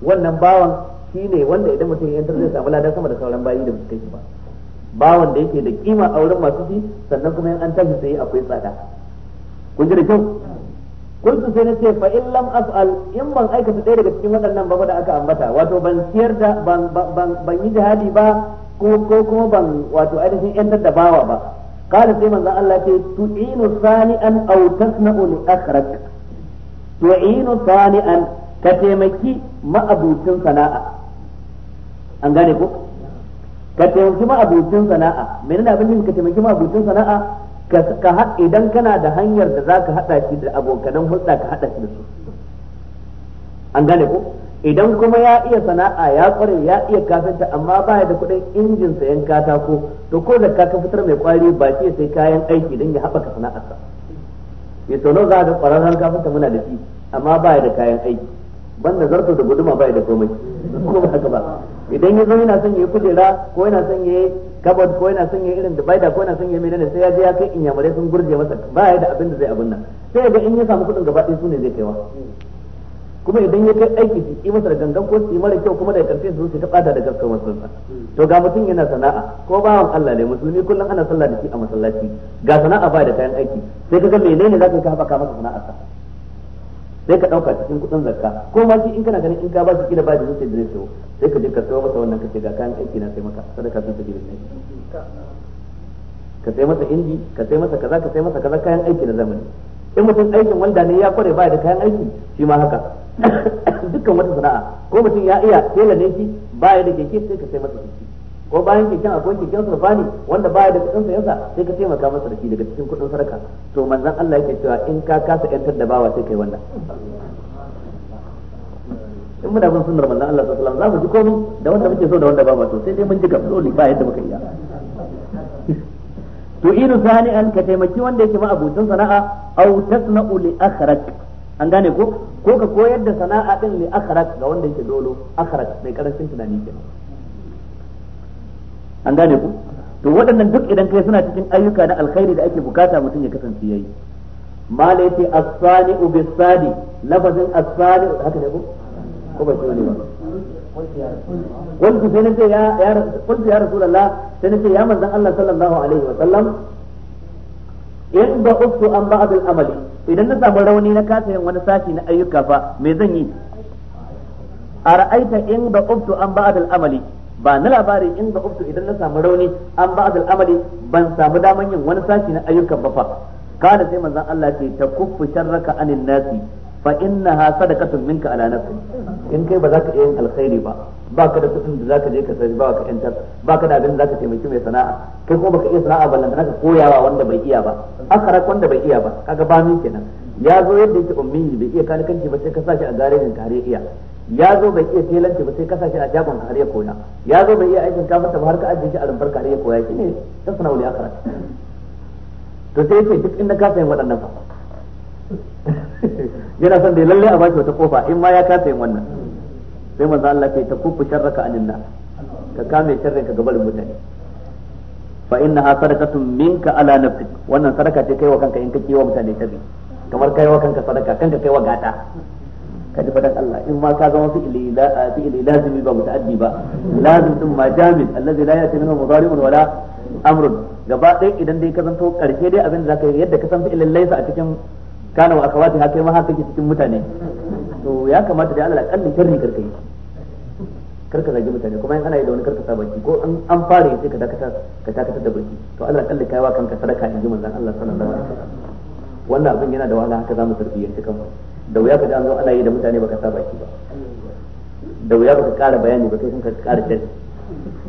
wannan bawan shine wanda idan mutum ya yantar zai samu ladan sama da sauran bayi da kai ba bawan da yake da kima a wurin masu shi sannan kuma in an tashi sai akwai tsada kun ji da kyau kuntu sai na ce fa in lam af'al in ban aikata ɗaya daga cikin waɗannan ba da aka ambata wato ban siyar da ban ban ban yi jihadi ba ko ko kuma ban wato ainihin yantar da bawa ba kada sai manzon Allah ce tu tu'inu sani'an aw tasna'u li akhrak tu'inu sani'an ka taimaki ma'abucin sana'a an gane ko ka taimaki ma'abucin sana'a menene abin da ka taimaki ma'abucin sana'a ka idan kana da hanyar da za ka haɗa shi da abokanan hulɗa ka haɗa shi da su an gane ko idan kuma ya iya sana'a ya ƙware ya iya kafinta amma ba ya da kuɗin injin sayan katako to ko da ka fitar mai ƙwari ba ce sai kayan aiki don ya haɓaka sana'arsa ya tono za a ga ƙwararren kafinta muna da shi amma ba ya da kayan aiki ban da zarto da guduma ba ya da komai ko ba haka ba idan ya zo yana son ya yi kujera ko yana son ya yi kabad ko yana son yayi irin da baida ko yana son yayi menene sai ya je ya kai inyamurai sun gurje masa ba ya da abin da zai abin nan sai ga in ya samu kudin gaba ɗaya su ne zai kaiwa kuma idan ya kai aiki su yi masa da gangan ko su yi mara kyau kuma da karfe su su ta bada da gaskar sa to ga mutum yana sana'a ko bawan Allah ne musulmi kullum ana sallah da shi a masallaci ga sana'a ba da kayan aiki sai kaga menene zaka ka haɓaka masa sana'a sai ka ɗauka cikin kudin zakka ko ma shi in kana ganin in ka ba shi kila ba da zuciya da sai ka je ka sayo masa wannan ce ga kayan aiki na sai maka sadaka sun tafi bin ka sai masa inji ka sai masa kaza ka sai masa kaza kayan aiki na zamani in mutum aikin wanda ne ya kware ba da kayan aiki shi ma haka dukkan wata sana'a ko mutum ya iya tela ne shi ba ya da keke sai ka sai masa keke ko bayan keken akwai keken surfa ne wanda baya da kudin sayansa sa sai ka taimaka masa da shi daga cikin kudin sarka to manzon Allah yake cewa in ka kasa yantar da bawa sai kai wannan in muna bin sunnar manzon Allah sallallahu alaihi wasallam za mu ji komai da wanda muke so da wanda ba mu so sai dai mun ji dole ba yadda muka iya to iru sani an ka taimaki wanda yake ma'abucin sana'a aw tasna'u li akhrak an gane ko ko ka koyar da sana'a din li akhrak ga wanda yake dolo akhrak mai karancin tunani kenan an gane ku to waɗannan duk idan kai suna cikin ayyuka na alkhairi da ake bukata mutum ya kasance yayi mala yace as-sani bis-sadi lafazin as-sani haka ne ku ko ba shi ne ba قلت سنة يا ya قلت يا رسول الله سنة يا من الله صلى الله عليه وسلم in ba uftu an ba abin amali idan na samu rauni na kasa yin wani sashi na ayyuka fa me zan yi a ra'aita in ba uftu an ba abin amali ba na labarin in ba ubtu idan na samu rauni an ba azal amali ban samu daman yin wani sashi na ayyukan ba fa kada sai manzon Allah ce ta kuffu sharraka anin nasi fa innaha sadaqatun minka ala nafsi in kai ba za ka iya yin alkhairi ba ba ka da kudin da za ka je ka sai ba ka yantar ba ka da abin da za ka taimaki mai sana'a kai kuma baka iya sana'a ba lantana ka koyawa wanda bai iya ba akara wanda bai iya ba kaga ba mun kenan ya zo yadda yake ummi bai iya kanikanci ba sai ka sashi a garejin tare iya ya zo bai iya telanci ba sai kasa shi a jagon har ya koya ya zo bai iya aikin kafinta ba har ka ajiye shi a rumbar har ya koya shi ne suna wuli akara to sai ce duk inda kasa yin waɗannan ba yana son dai lalle a bashi wata kofa in ma ya kasa yin wannan sai manzo Allah ke ta kufu sharraka anin nas ka kame sharrin ka gabarin mutane fa innaha sadaqatun minka ala nafsik wannan sadaka ce kai wa kanka in ka kiwa mutane tabi kamar kai wa kanka sadaka kanka kai wa gata ka ji fadan Allah in ma ka zama fi'ili fi'ili lazimi ba muta'addi ba lazim din ma jamil allazi la ya'ti minhu mudari'un wala amrun gaba dai idan dai ka zanto karshe dai abin zaka yi yadda ka san fi'ilin laysa a cikin kana wa akawati haka ma haka kake cikin mutane to ya kamata dai Allah kalli sharri karka yi karka zagi mutane kuma in ana yi da wani karka sa baki ko an fara yi sai ka dakata ka dakatar da baki to Allah kalli kaiwa kanka sadaka in ji manzon Allah sallallahu alaihi wasallam wannan abin yana da wahala haka zamu tarbiyyance kanmu da wuya ka ji an zo ana yi da mutane baka saba ki ba da wuya ka ƙara bayani ba kai ka ƙara tsari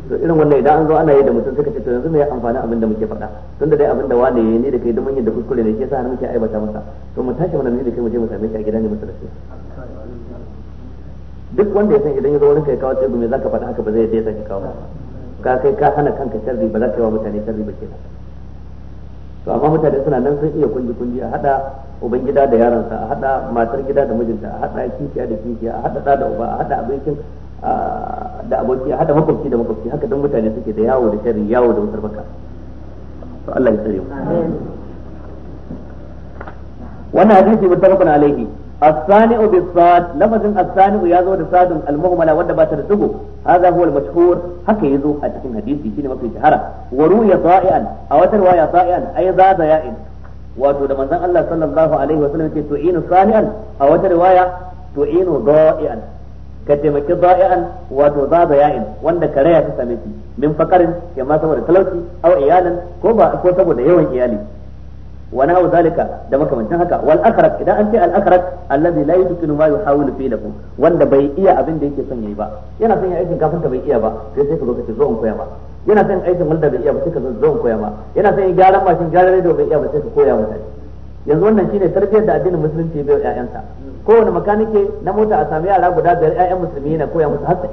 to irin wannan idan an zo ana yi da mutum suka ce to yanzu me ya amfani abin da muke faɗa tun da dai abin da wani yayi ne da kai domin yadda kuskure ne sa har muke aibata masa to mu tashi mana ne da kai mu je mu same shi a gida ne masa nasiha duk wanda ya san idan ya zo wurin kai kawo sai gumi zaka faɗa haka ba zai da ya sake kawo ba ka kai ka hana kanka sharri ba za ka yi wa mutane sharri ba kenan to amma mutane suna nan sun iya kunji kunji a hada uban gida da yaransa a hada matar gida da mijinta a hada kishiya da kishiya a hada da da uba a hada abincin da aboki a hada makwabci da makwabci haka dan mutane suke da yawo da sharri yawo da wutar baka to Allah ya tsare mu wannan hadisi muttafaqun alaihi zo da لفظ al يزود wanda ba ta da تدغو هذا هو المشهور هكا يزو أتكين حديثي شيني مكي شهرة وروي طائعا أو ترواية طائعا أي ذا يائن wato da manzon Allah sallallahu alaihi wa sallam ce tu'inu salihan a wata riwaya tu'inu dha'ian ka taimaki dha'ian wato zadaya'in wanda karaya ta same shi min fakarin ya ma saboda talauci aw iyalan ko ba ko saboda yawan iyali wani nahu zalika da makamantan haka wal akhraj idan an ce al akhraj allazi la yudkinu ma yuhawilu fi lahu wanda bai iya abin da yake son yayi ba yana son ya aikin kafinta bai iya ba sai sai ka zo ka ce zo in koya ma yana son aikin mulda bai iya ba sai ka zo zo in koya ma yana son gyaran mashin gyaran radio bai iya ba sai ka koya masa yanzu wannan shine tarbiyyar da addinin musulunci ya bai wa ƴaƴansa kowane makanike na mota a sami yara guda biyar 'ya'yan musulmi yana koya musu har su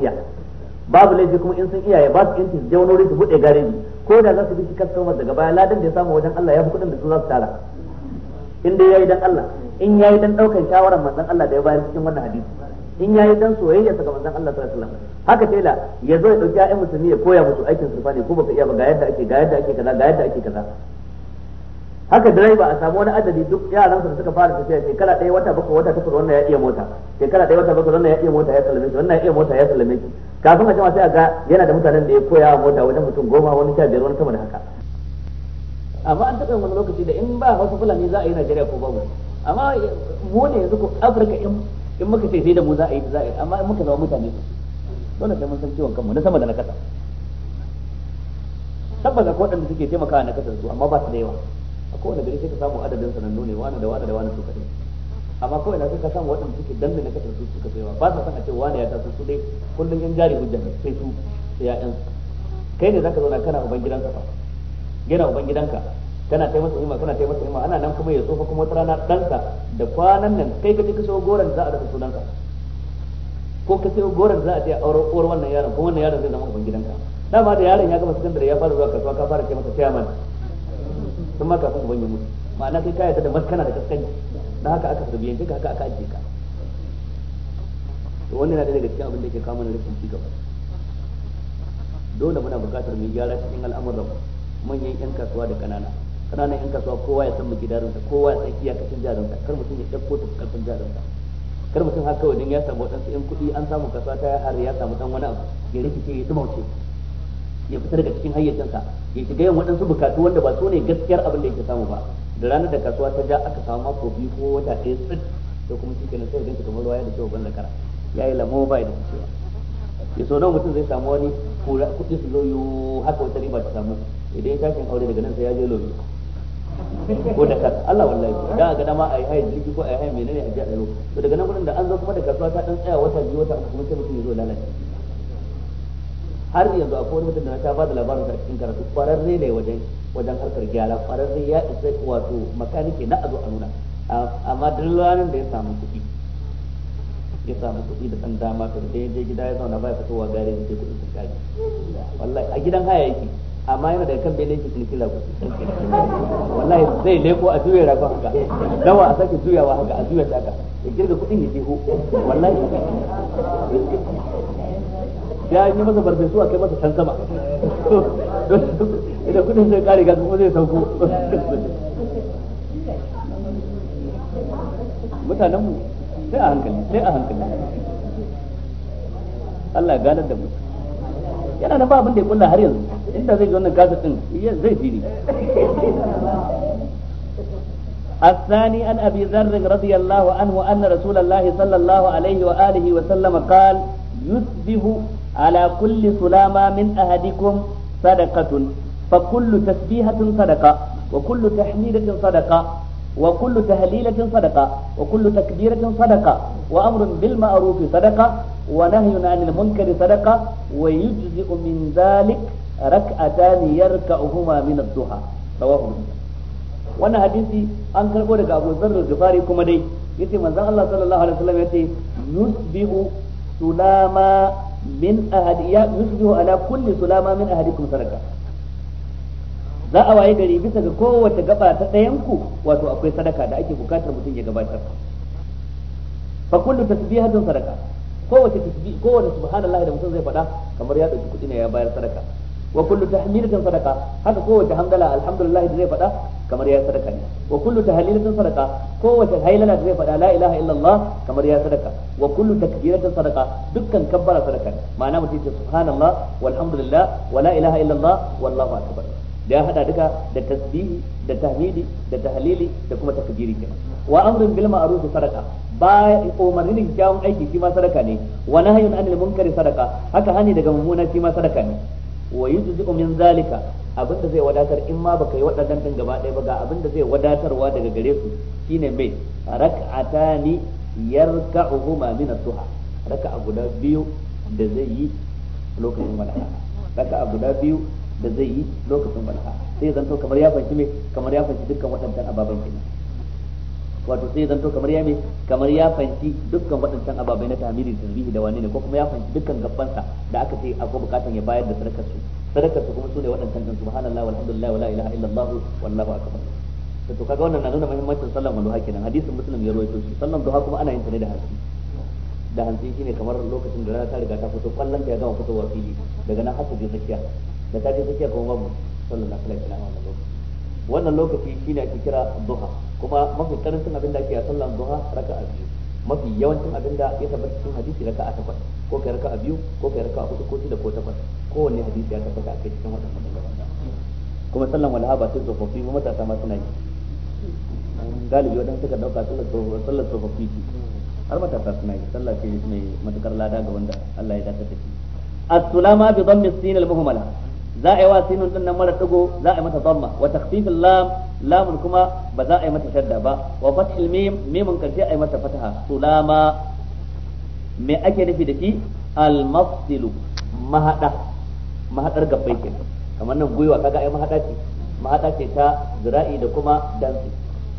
babu laifi kuma in sun iyaye ba su inci je wani wuri su buɗe gareji ko da za su bi shi customer daga baya ladan da ya samu wajen Allah ya fi kuɗin da su za su tara in dai yayi dan Allah in yayi dan daukar shawarar manzon Allah da ya bayar cikin wannan hadisi in yayi dan soyayya ga manzon Allah sallallahu alaihi wasallam haka tela ya zo ya dauki ayyan musulmi ya koya musu aikin su ne ko baka iya ba ga yadda ake ga yadda ake kaza ga yadda ake kaza haka direba a samu wani adadi duk yaran su suka fara tafiya shekara ɗaya wata bakwai wata takwas wannan ya iya mota shekara ɗaya wata bakwai wannan ya iya mota ya sallame shi wannan ya iya mota ya sallame shi kafin a jima sai a ga yana da mutanen da ya koya mota wajen mutum goma wani sha biyar wani sama da haka amma an taɓa wani lokaci da in ba wasu fulani za a yi Najeriya ko babu amma mu ne yanzu ko Afirka in in muka ce sai da mu za a yi za a yi amma in muka zama mutane su dole sai mun san ciwon kanmu na sama da na kasa tabbas akwai waɗanda suke taimakawa na kasar su amma ba su da yawa a kowane gari sai ka samu adadin sanannu ne wani da wani da wani su kaɗai amma kawai na suka samu waɗanda suke na kasar su suka sayawa ba su san a ce wani ya taso su dai kullum yan jari hujja ne sai su sai ya ɗansu kai ne zaka zauna kana uban gidanka fa gina uban gidanka kana kai masa hima kana kai masa hima ana nan kuma ya tsofa kuma wata rana ɗansa da kwanan nan kai ka ci ka goron za a rasa sunanka ko ka sayo goron za a je a uwar wannan yaron ko wannan yaron zai zama uban gidanka dama da yaron ya gama sakandare ya fara zuwa kasuwa ka fara kai masa chairman sun ma kafin uban ya mutu ma'ana kai ka yarda da maskana da kaskanci da haka aka tarbiyyance ka haka aka ajiye ka to wannan na daga cikin abin da ke kawo mana rashin ci gaba dole muna buƙatar mu gyara cikin al'amuran manyan yan kasuwa da kanana kananan yan kasuwa kowa ya san mu gidarinsa kowa ya san iyakacin jarinsa kar mutum ya ɗauko ta karfin jarinsa kar mutum haka wajen ya samu wadansu yan kuɗi an samu kasuwa ta har ya samu dan wani abu ya rikice ya dumauce ya fitar daga cikin hayyacinsa ya shiga yin waɗansu bukatu wanda ba su ne gaskiyar abin da yake samu ba da ranar da kasuwa ta ja aka samu mako biyu ko wata ɗaya tsit da kuma shi kenan sai da kamar ruwa da cewa ban zakara ya yi lamo ba ya da cewa ya so don mutum zai samu wani kura kuɗi su zo haka wata riba ta samu idan ya tashin aure daga nan sai ya je lobi ko da kar Allah wallahi da ga dama ai hayi jiki ko ai hayi menene a ji a yau to daga nan gurin da an zo kuma da kasuwa ta dan tsaya wata biyu wata uku kuma sai mutum ya zo lalace har yanzu akwai wani mutum da na ta ba da labarin sa cikin karatu kwararre ne wajen wajen harkar gyara kwararre ya isa wato makanike na azo a nuna amma duk da ya samu kuɗi ya samu kuɗi da ɗan dama to da je gida ya zauna baya fitowa gare sai kuɗin sun kare wallahi a gidan haya yake amma yana da kan bene yake kila ku wallahi zai leko a juya rafa haka dawa a sake juyawa haka a juya haka ya girga kuɗin ya jeho wallahi ya yi masa barfesu a kai masa can sama idan kudin zai kare ga kuma zai sauko mutanenmu sai a hankali sai a hankali Allah ganar da mu yana da ba da ya kulla har yanzu inda zai ji wannan kasa din zai fili الثاني عن ابي ذر رضي الله عنه ان رسول الله صلى الله عليه واله وسلم قال يسبه على كل سلامة من احدكم صدقة fa kullu tasbihatin sadaqa wa kullu tahmidatin sadaqa wa kullu tahlilatin sadaqa wa kullu takbiratin sadaqa wa amrun bil ma'ruf sadaka wa nahyun 'anil munkar sadaqa wa yujzi'u min dhalik rak'atan yarka'uhuma min ad-duha rawahu wannan hadisi an karbo daga Abu Dharr al-Ghifari kuma dai yace manzon Allah sallallahu alaihi wasallam yace yusbihu sulama min ahadi ya min za a waye gari bisa ga kowace gaba ta ɗayan ku wato akwai sadaka da ake bukatar mutum ya gabatar fa kullu tasbihatun sadaka kowace tasbi kowace subhanallahi da mutum zai faɗa kamar ya ɗauki kuɗi ne ya bayar sadaka wa kullu tahmidatin sadaka haka kowace hamdala alhamdulillah da zai faɗa kamar ya sadaka ne wa kullu tahlilatin sadaka kowace hailala da zai faɗa la ilaha illallah kamar ya sadaka wa kullu takbiratin sadaka dukkan kabbara sadaka ma'ana mutum ce subhanallah walhamdulillah wa la ilaha illallah wallahu akbar da ya hada duka da tasbihi da tahmidi da tahlili da kuma takbiri kenan wa amrun bil ma'ruf sadaqa ba umarni da kyawun aiki shi ma sadaka ne wa nahyun anil munkari sadaqa haka hani daga mummuna shi ma sadaka ne wa yuzu min zalika abinda zai wadatar in ma baka yi waɗannan din gaba ɗaya ba ga abinda zai wadatarwa daga gare su shine mai rak'atani yarka'uhuma min ad-duha raka'a guda biyu da zai yi lokacin walaha raka'a guda biyu da zai yi lokacin balha sai zanto kamar ya fanci me kamar ya fanci dukkan waɗancan ababen kenan wato sai zanto kamar ya me kamar ya fanci dukkan waɗancan ababai na da tasbihi da wani ne ko kuma ya fanci dukkan gabbansa da aka ce akwai bukatan ya bayar da sadakar su sadakar su kuma su ne waɗancan din subhanallahi walhamdulillahi wala ilaha illallah wallahu akbar to kaga wannan na nuna muhimmancin sallan duha kenan hadisin muslim ya rawaito shi sallan duha kuma ana yin ta ne da hasi da hantsi shine kamar lokacin da rana ta riga ta fito kwallon ta ya gama fitowa fili daga nan hasa je tsakiya da ka ji tsakiya kuma babu a wannan lokaci wannan lokaci shine ake kira duha kuma mafi karancin abin da ake a sallar duha raka'a biyu mafi yawancin ya tabbata cikin hadisi raka'a takwas ko kai raka'a biyu ko kai raka'a hudu ko shida ko takwas kowanne hadisi ya tabbata a kai cikin kuma sallan ba sai tsofaffi ba matasa ma suna yi galibi suka ɗauka sallar tsofaffi ce har matasa suna yi ce mai matukar lada ga wanda Allah ya dakatar da shi as-sulama bi dhammi sin al za a yi wa sinun din nan mara digo za a yi mata dhamma wa takhfifil lam lamun kuma ba za a yi mata shadda ba wa fathil mim mimun karshe a yi mata fataha sulama me ake nufi da shi al mafsilu mahada mahadar gabbai kenan kamar nan gwiwa kaga ai mahada ce mahada ce ta zira'i da kuma dantsi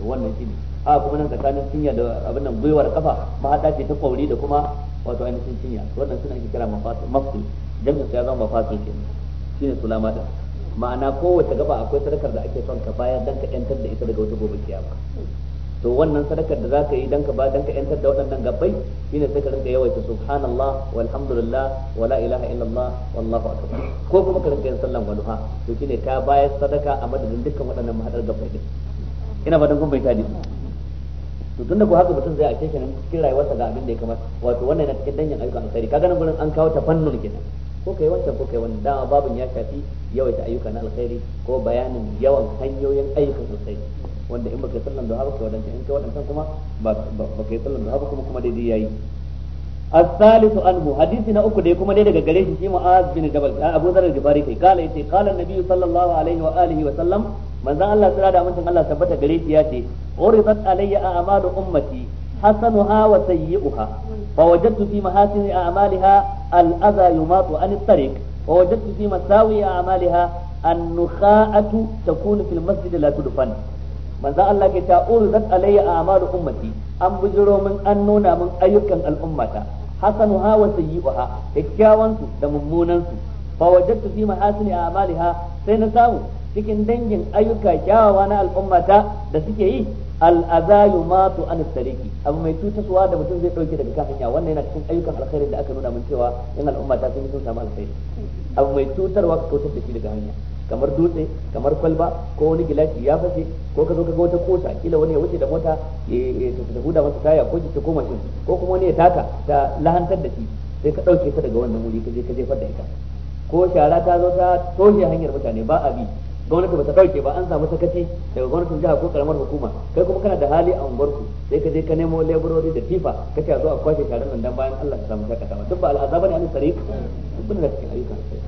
wannan shine a kuma nan tsakanin cinya da abin nan gwiwar kafa mahada ce ta kwauri da kuma wato ainihin cinya wannan suna ake kira mafasil jam'in sa ya zama mafasil kenan shine sulama Mata ma'ana kowace gaba akwai sadakar da ake son ka bayar dan ka yantar da ita daga wata gobe kiyama to wannan sadakar da zaka yi dan ka ba dan ka yantar da waɗannan gabbai shine sai ka rinka yawaita subhanallah walhamdulillah wala ilaha illallah wallahu akbar ko kuma ka rinka yin sallan walha to shine ka bayar sadaka a madadin dukkan waɗannan mahadar gabbai din ina fatan kun bayyana hadisi to tunda ko haka mutum zai a cikin rayuwarsa ga abin da ya kamata wato wannan yana cikin danyen ayyukan alkhairi kaga nan gurin an kawo fannin kenan ko kai wancan ko kai wannan dama babin ya shafi yawaita ayyuka na alkhairi ko bayanin yawan hanyoyin ayyukan alkhairi wanda in baka sallan duha baka wadanta in kai kuma baka sallan duha ba kuma kuma daidai yayi الثالث عنه حديث na uku dai kuma dai daga gare shi shi Mu'az bin Jabal Abu Dharr al-Ghifari kai kala yace kala Nabi sallallahu alaihi wa wa sallam manzon Allah tsira da amincin Allah tabbata ummati حسنها وسيئها فوجدت في محاسن أعمالها الأذى يماط عن الطريق ووجدت في مساوي أعمالها النخاءة تكون في المسجد لا تدفن manzo Allah ke ta urzat alayya a'malu ummati an bujiro min an nuna min ayyukan al'ummata Hassan wa sayyi'uha kyakkyawan su da mummunan su fa wajadtu fi mahasini a'maliha sai na samu cikin dangin ayyuka kyawawa na al'ummata da suke yi al'aza matu an sariki abu mai cutarwa da mutum zai dauke daga kan hanya wannan yana cikin ayyukan alkhairi da aka nuna mun cewa yan al'umma ta sun samu alkhairi abu mai cutarwa ka kautar da shi daga hanya kamar dutse kamar kwalba ko wani gilashi ya fashe ko ka zo ka ga wata kosa kila wani ya wuce da mota ya tafi da huda masa taya ko jita ko mashin ko kuma wani ya taka ta lahantar da shi sai ka dauke ta daga wannan wuri ka je ka jefar da ita ko shara ta zo ta toshe hanyar mutane ba a bi gwamnati ba ta dauke ba an samu sakaci daga gwamnatin jiha ko karamar hukuma kai kuma kana da hali a unguwarku sai ka je ka nemo laborori da tifa ce a zo a kwashe taron nan dan bayan Allah ya samu saka sama duk ba al'azaba ne an tariq duk da cikin ayyukan sai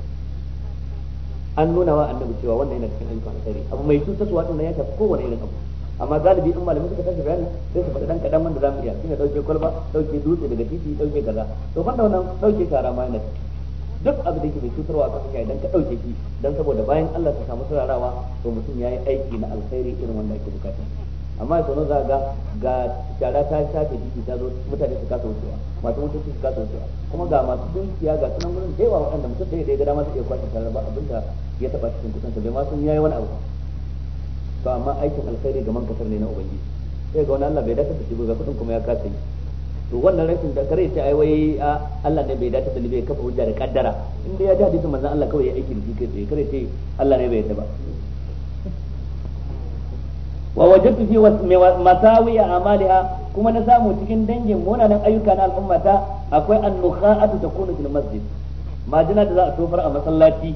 an nuna wa annabi cewa wannan yana cikin ayyukan sai abu mai cutarwa din ya tafi kowane irin abu amma galibi in malamin suka tafi bayani sai su faɗi dan kadan wanda zamu iya shine dauke kwalba dauke dutse daga titi dauke gaza to banda wannan dauke karama ma yana ciki duk abin da yake mai cutarwa ka saka idan ka dauke shi dan saboda bayan Allah ka samu sararawa to mutum yayi aiki na alkhairi irin wanda ake bukata amma yanzu za ga ga shara ta shafe jiki ta zo mutane su kasa wucewa masu mutunci su kasa wucewa kuma ga masu dukiya ga sunan gurin da yawa waɗanda mutum ɗaya ɗaya ga dama su iya kwashe shara ba abin da ya taɓa cikin ta bai ma sun yayi wani abu to amma aikin alkhairi ga man kasar ne na ubangiji sai ga wani Allah bai dace da shi ba kuɗin kuma ya kasa yi to wannan rashin da kare sai aiwai a Allah ne bai dace da ni bai kafa hujja da kaddara inda ya ji hadisin manzon Allah kawai ya aiki da shi kai kare sai Allah ne bai yadda ba wa wajadtu fi masawiya amaliha kuma na samu cikin dangin munanan ayyuka na al'ummata akwai annukha'atu takunu fil masjid majina da za a tofar a masallaci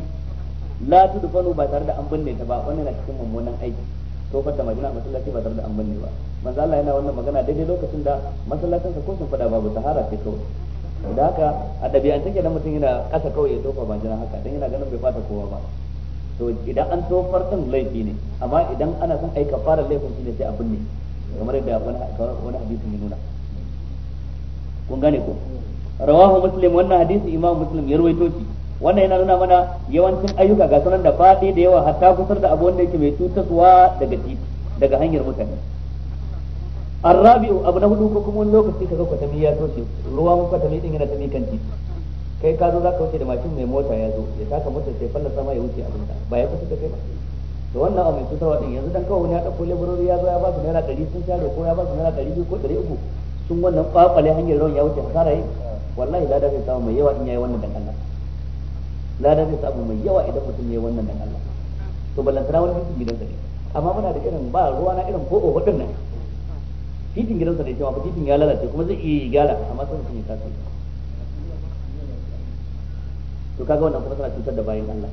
la tudfanu ba tare da an binne ta ba wannan na cikin mummunan aiki tofar da majina a masallaci ba tare da an banne ba manzo Allah yana wannan magana daidai lokacin da masallacin ka ko sun fada babu sahara ce kawai da haka a ɗabi'an take da mutum yana kasa kawai ya tofa majina haka dan yana ganin bai fata kowa ba to idan an tofar tun laifi ne amma idan ana son ai fara laifin shine sai a binne kamar yadda wani hadisi ne nuna kun gane ko rawahu muslim wannan hadisi imam muslim ya rawaito shi wannan yana nuna mana yawancin ayyuka ga sanar da faɗi da yawa hatta kusur da abu wanda yake mai cutaswa daga titi daga hanyar mutane arrabi'u abu na hudu ko kuma wani lokaci kaga kwatami ya toshe ruwan kwatami din yana ta kan titi kai ka zo za ka wuce da mashin mai mota ya zo ya taka mota sai falla sama ya wuce abin ba ya kusa da kai ba to wannan abu mai cutarwa din yanzu dan kawai wani ya dauko leburori ya zo ya ba su naira 100 sun share ko ya ba su naira biyu ko uku sun wannan kwakwale hanyar ruwan ya wuce hasara yi wallahi ladan zai samu mai yawa in yayi wannan dan Allah lada zai samu mai yawa idan mutum ya yi wannan nan Allah to ballantana wani titin gidansa ne amma muna da irin ba ruwa na irin koko hudun nan gidan gidansa ne cewa fitin ya lalace kuma zai iya yi gyara amma sai mutum ya kasa to kaga wannan kuma suna cutar da bayan Allah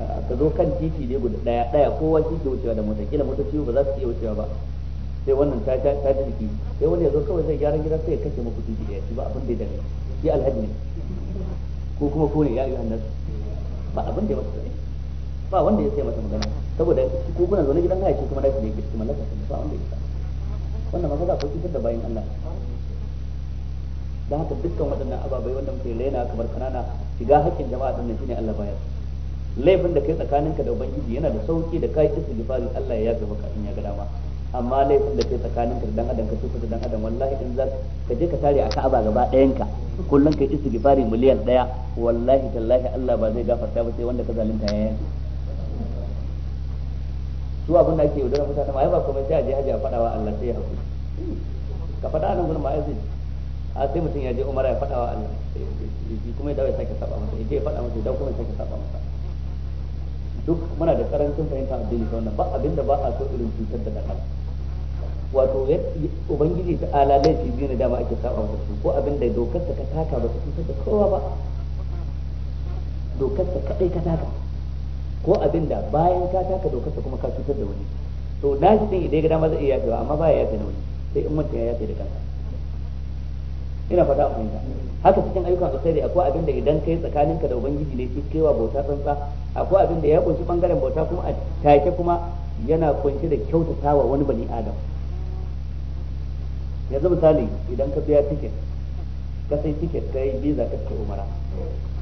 eh, ka zo kan titi ne guda daya daya kowa shi ke wucewa da mota kila ciwo ba za su iya wucewa ba sai wannan ta ta ta jiki sai wani ya zo kawai zai gyaran gida sai ya kashe muku titi da ya ci ba abin da ya dame shi alhaji ne ko kuma ko ne ya yi annabi ba abin da ya masa sai ba wanda ya sai masa magana saboda ko kuna zaune gidan haya ce kuma dai ne ke cikin mallaka ba wanda ya sa. wannan ma za ku cutar da bayan Allah da haka dukkan waɗannan ababai wanda muke raina kamar kanana shiga haƙƙin jama'a din shine Allah bayar laifin da kai tsakaninka da ubangiji yana da sauƙi da kai istighfari Allah ya yafe maka in ya ga dama amma laifin da ke tsakanin ka dan adam ka tuka da dan adam wallahi in za ka je ka tare a Ka'aba gaba ɗayan ka kullun kai istighfari miliyan ɗaya wallahi tallahi Allah ba zai gafarta ba sai wanda ka zalunta ya yi su abin da ake yaudarar mutane ma ai ba komai sai a je haji a faɗa Allah sai ya haku ka faɗa nan gurin ma ai a sai mutum ya je Umar ya faɗawa Allah sai kuma ya dawo ya sake saba masa ya je ya faɗa masa ya dawo kuma ya sake saba masa duk muna da karancin fahimta addini ta wannan ba abinda ba a so irin cutar da ɗan wato ubangiji ta ala laifi biyu ne dama ake saba su ko abin da dokar ta taka ba su cutar da kowa ba dokar ta kadai ka taka ko abin da bayan ka taka dokar ta kuma ka cutar da wani to na shi din idan ga dama zai iya yafewa amma baya yafe na wani sai in manta ya yafe da kansa ina fata a fahimta haka cikin ayyukan alkhairi akwai abin da idan kai tsakaninka da ubangiji ne ke kaiwa bauta tsantsa akwai abin da ya kunshi bangaren bauta kuma a take kuma yana kunshi da kyautatawa wani bani adam yanzu misali idan ka biya tiket ka sai tiket ka yi biza ka ce umara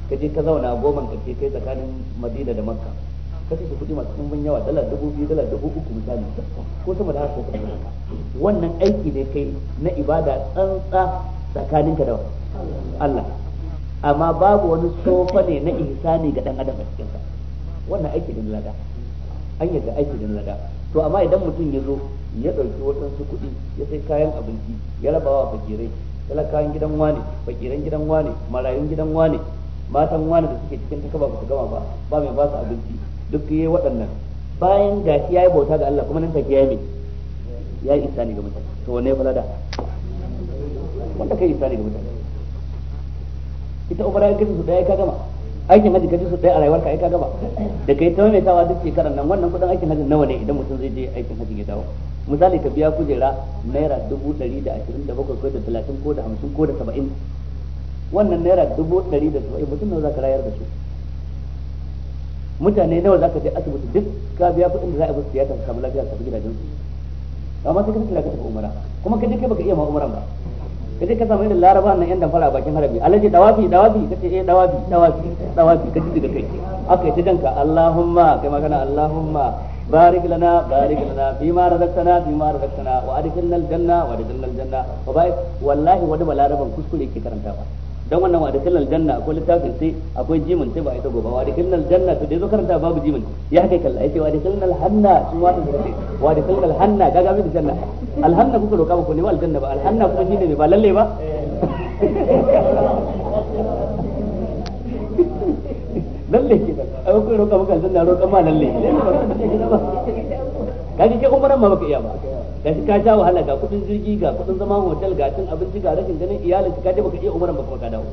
ka je ka zauna goma ka ce kai tsakanin madina da makka ka ce kuɗi masu ɗumbin yawa dala dubu biyu dala dubu uku misali ko sama da haka ko kuma wannan aiki ne kai na ibada tsantsa tsakaninka da Allah amma babu wani sofa ne na ihsani ga dan adam a cikin sa wannan aiki da lada an yadda aiki da lada to amma idan mutum ya zo ya ɗauki waɗansu kuɗi ya sai kayan abinci ya raba wa fakirai kayan gidan wane fakiran gidan wane marayun gidan wane matan wane da suke cikin takaba ba su gama ba ba mai ba su abinci duk yi waɗannan bayan ga shi yi bauta ga Allah kuma nan take yi ya yi ne ga mutane to wanne fa lada wanda kai ne ga mutane ita ubara ya kace su daya ka gama aikin haji kaji su ɗaya a rayuwarka ai ka gaba da kai ta maimaitawa duk shekarar nan wannan kudin aikin haji nawa ne idan mutum zai je aikin haji ya dawo misali ka biya kujera naira dubu ɗari da ashirin da bakwai ko da talatin ko da hamsin ko da saba'in wannan naira dubu ɗari da saba'in mutum nawa za ka rayar da su mutane nawa za ka je asibiti duk ka biya kudin da za a yi tiyata ka samu lafiya su tafi su amma sai ka ka tafi umara kuma ka je kai baka iya ma umaran ba kaje ka samu irin laraba nan yan damfara a bakin harabi alaji dawafi dawafi kace eh dawafi dawafi dawafi kaji daga kai aka yi ta danka allahumma kai magana allahumma barik lana barik lana bi ma razaqtana bi ma razaqtana wa adkhilna janna wa adkhilna aljanna wa bai wallahi wani balaraban kuskure karanta ba. dan wannan wa da kallal janna akwai littafin sai akwai jimin sai ba ita gobe wa da kallal janna to da yazo karanta babu jimin ya kai kallai sai wa da kallal hanna shi ma da gurbe wa da kallal hanna ga mai janna al hanna kuka roka ba ko ne ba al janna ba al hanna kuma shine ba lalle ba lalle ke da akwai roka ba al janna roka ma lalle ne ba kaji ke umara ma baka iya ba ji ka sha wahala ga kudin jirgi ga kudin zama hotel ga cin abinci ga rashin ganin iyalin ka je baka iya umaran ba kuma ka dawo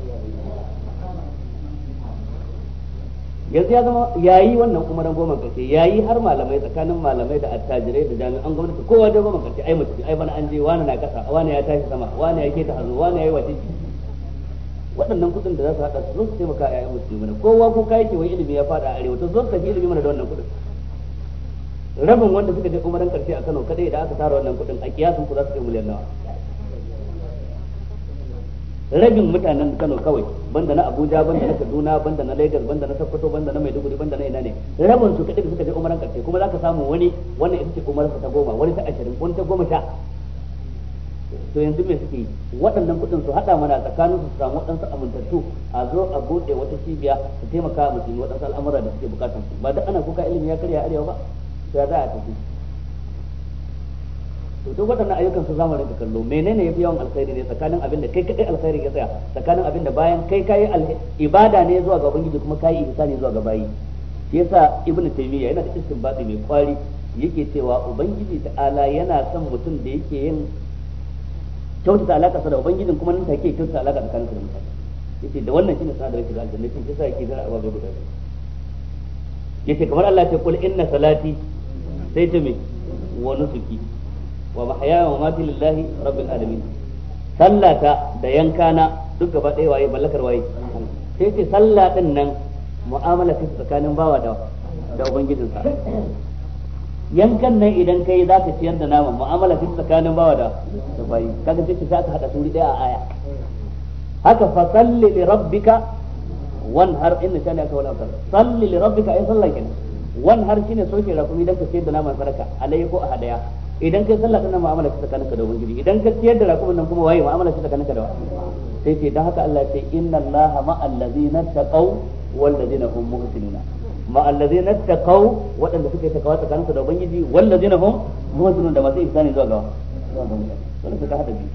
yanzu ya zama yayi wannan umaran goma kace yayi har malamai tsakanin malamai da attajirai da jami'an gwamnati kowa da goma kace ai mutum ai bana an je wani na kasa wani ya tashi sama wani ya ke ta hazo wani ya yi wace waɗannan kuɗin da za su haɗa su zo su taimaka a 'ya'yan musulmi kowa ko kai ke wani ilimi ya faɗa a arewa to zo tafi ilimi mana da wannan kuɗin rabin wanda suka je umaran karshe a Kano kadai da aka tara wannan kudin a kiyasin ku za su kai miliyan nawa rabin mutanen Kano kawai banda na Abuja banda na Kaduna banda na Lagos banda na Sokoto banda na Maiduguri banda na ina ne rabin su kadai da suka je umaran karshe kuma za ka samu wani wannan ita ce umarar ta goma wani ta 20 wani ta goma sha to yanzu me suke waɗannan kuɗin su haɗa mana tsakanin su samu waɗansu amintattu a zo a buɗe wata cibiya su taimaka musulmi waɗansu al'amura da suke bukatan su ba duk ana kuka ilimi ya karya arewa ba sai za a tafi to duk waɗannan ayyukan su zamu rinka kallo menene yafi yawan alkhairi ne tsakanin abin da kai kadai alkhairi ya tsaya tsakanin abin da bayan kai kai ibada ne zuwa ga ubangiji kuma kai ihsani zuwa ga bayi shi yasa ibnu taymiya yana da istinbati mai kwari yake cewa ubangiji ta'ala yana son mutum da yake yin kyautata alaka sa da ubangijin kuma nan take kyautata alaka tsakanin da mutane yace da wannan shine sanadar da aljanna shi yasa yake zara ababe guda yace kamar Allah ya ce kul inna salati sai ta me wa nusuki wa mahyaya wa mati lillahi rabbil alamin sallata da yanka na duk gaba ɗaya waye mallakar waye sai ce sallah din nan mu'amala ta tsakanin bawa da da ubangijinsa yankan nan idan kai za ka ciyar da naman mu'amala ta tsakanin bawa da da bayi kaga sai ce sai aka hada suri ɗaya a aya haka fa salli li rabbika har inna shani aka wala salli li rabbika ay sallah kenan wani har shine soke rakumi dan ka sayar da naman sadaka alayhi ko a hadaya idan kai sallah kana mu'amala ta tsakaninka da ubangiji idan ka sayar da rakumin nan kuma waye mu'amala ta tsakaninka da wani sai ce dan haka Allah ya ce inna allaha ma'al ladzina taqaw wal ladzina hum muhsinuna ma allazina taqaw waɗanda suka yi takawa tsakaninsu da ubangiji wallazina hum muhsinun da masu ihsani zuwa ga wannan ka hada biyu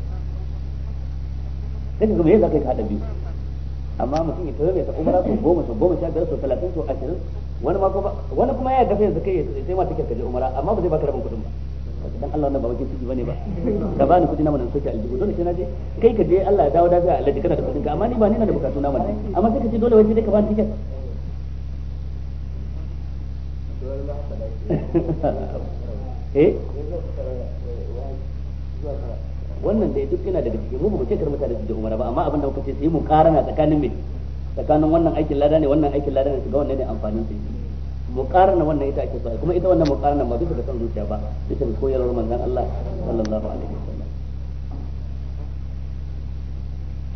sai ka me zaka ka hada biyu amma mutum ya tawaye ta umara ko goma so goma sha biyar so talatin so ashirin wani ma kuma wani kuma ya gafe yanzu kai sai ma take kaje umara amma ba zai baka rabin kudin ba dan Allah wannan ba bakin ciki bane ba ka bani kudi na mun soke aljihu dole sai na je kai ka je Allah ya dawo da zai Allah kana da kudin ka amma ni ba ni na da bukatu na mun amma sai ka ce dole wai sai ka bani tiket eh wannan dai duk yana daga cikin mu ba mu ce kar mutane da umara ba amma abin da muka ce sai mu karana tsakanin mai tsakanin wannan aikin lada ne wannan aikin lada ne shiga wannan ne amfanin sai muqarana wannan ita ake so kuma ita wannan muqarana ba bisa ga san zuciya ba bisa ga koyarwar manzon Allah sallallahu alaihi wasallam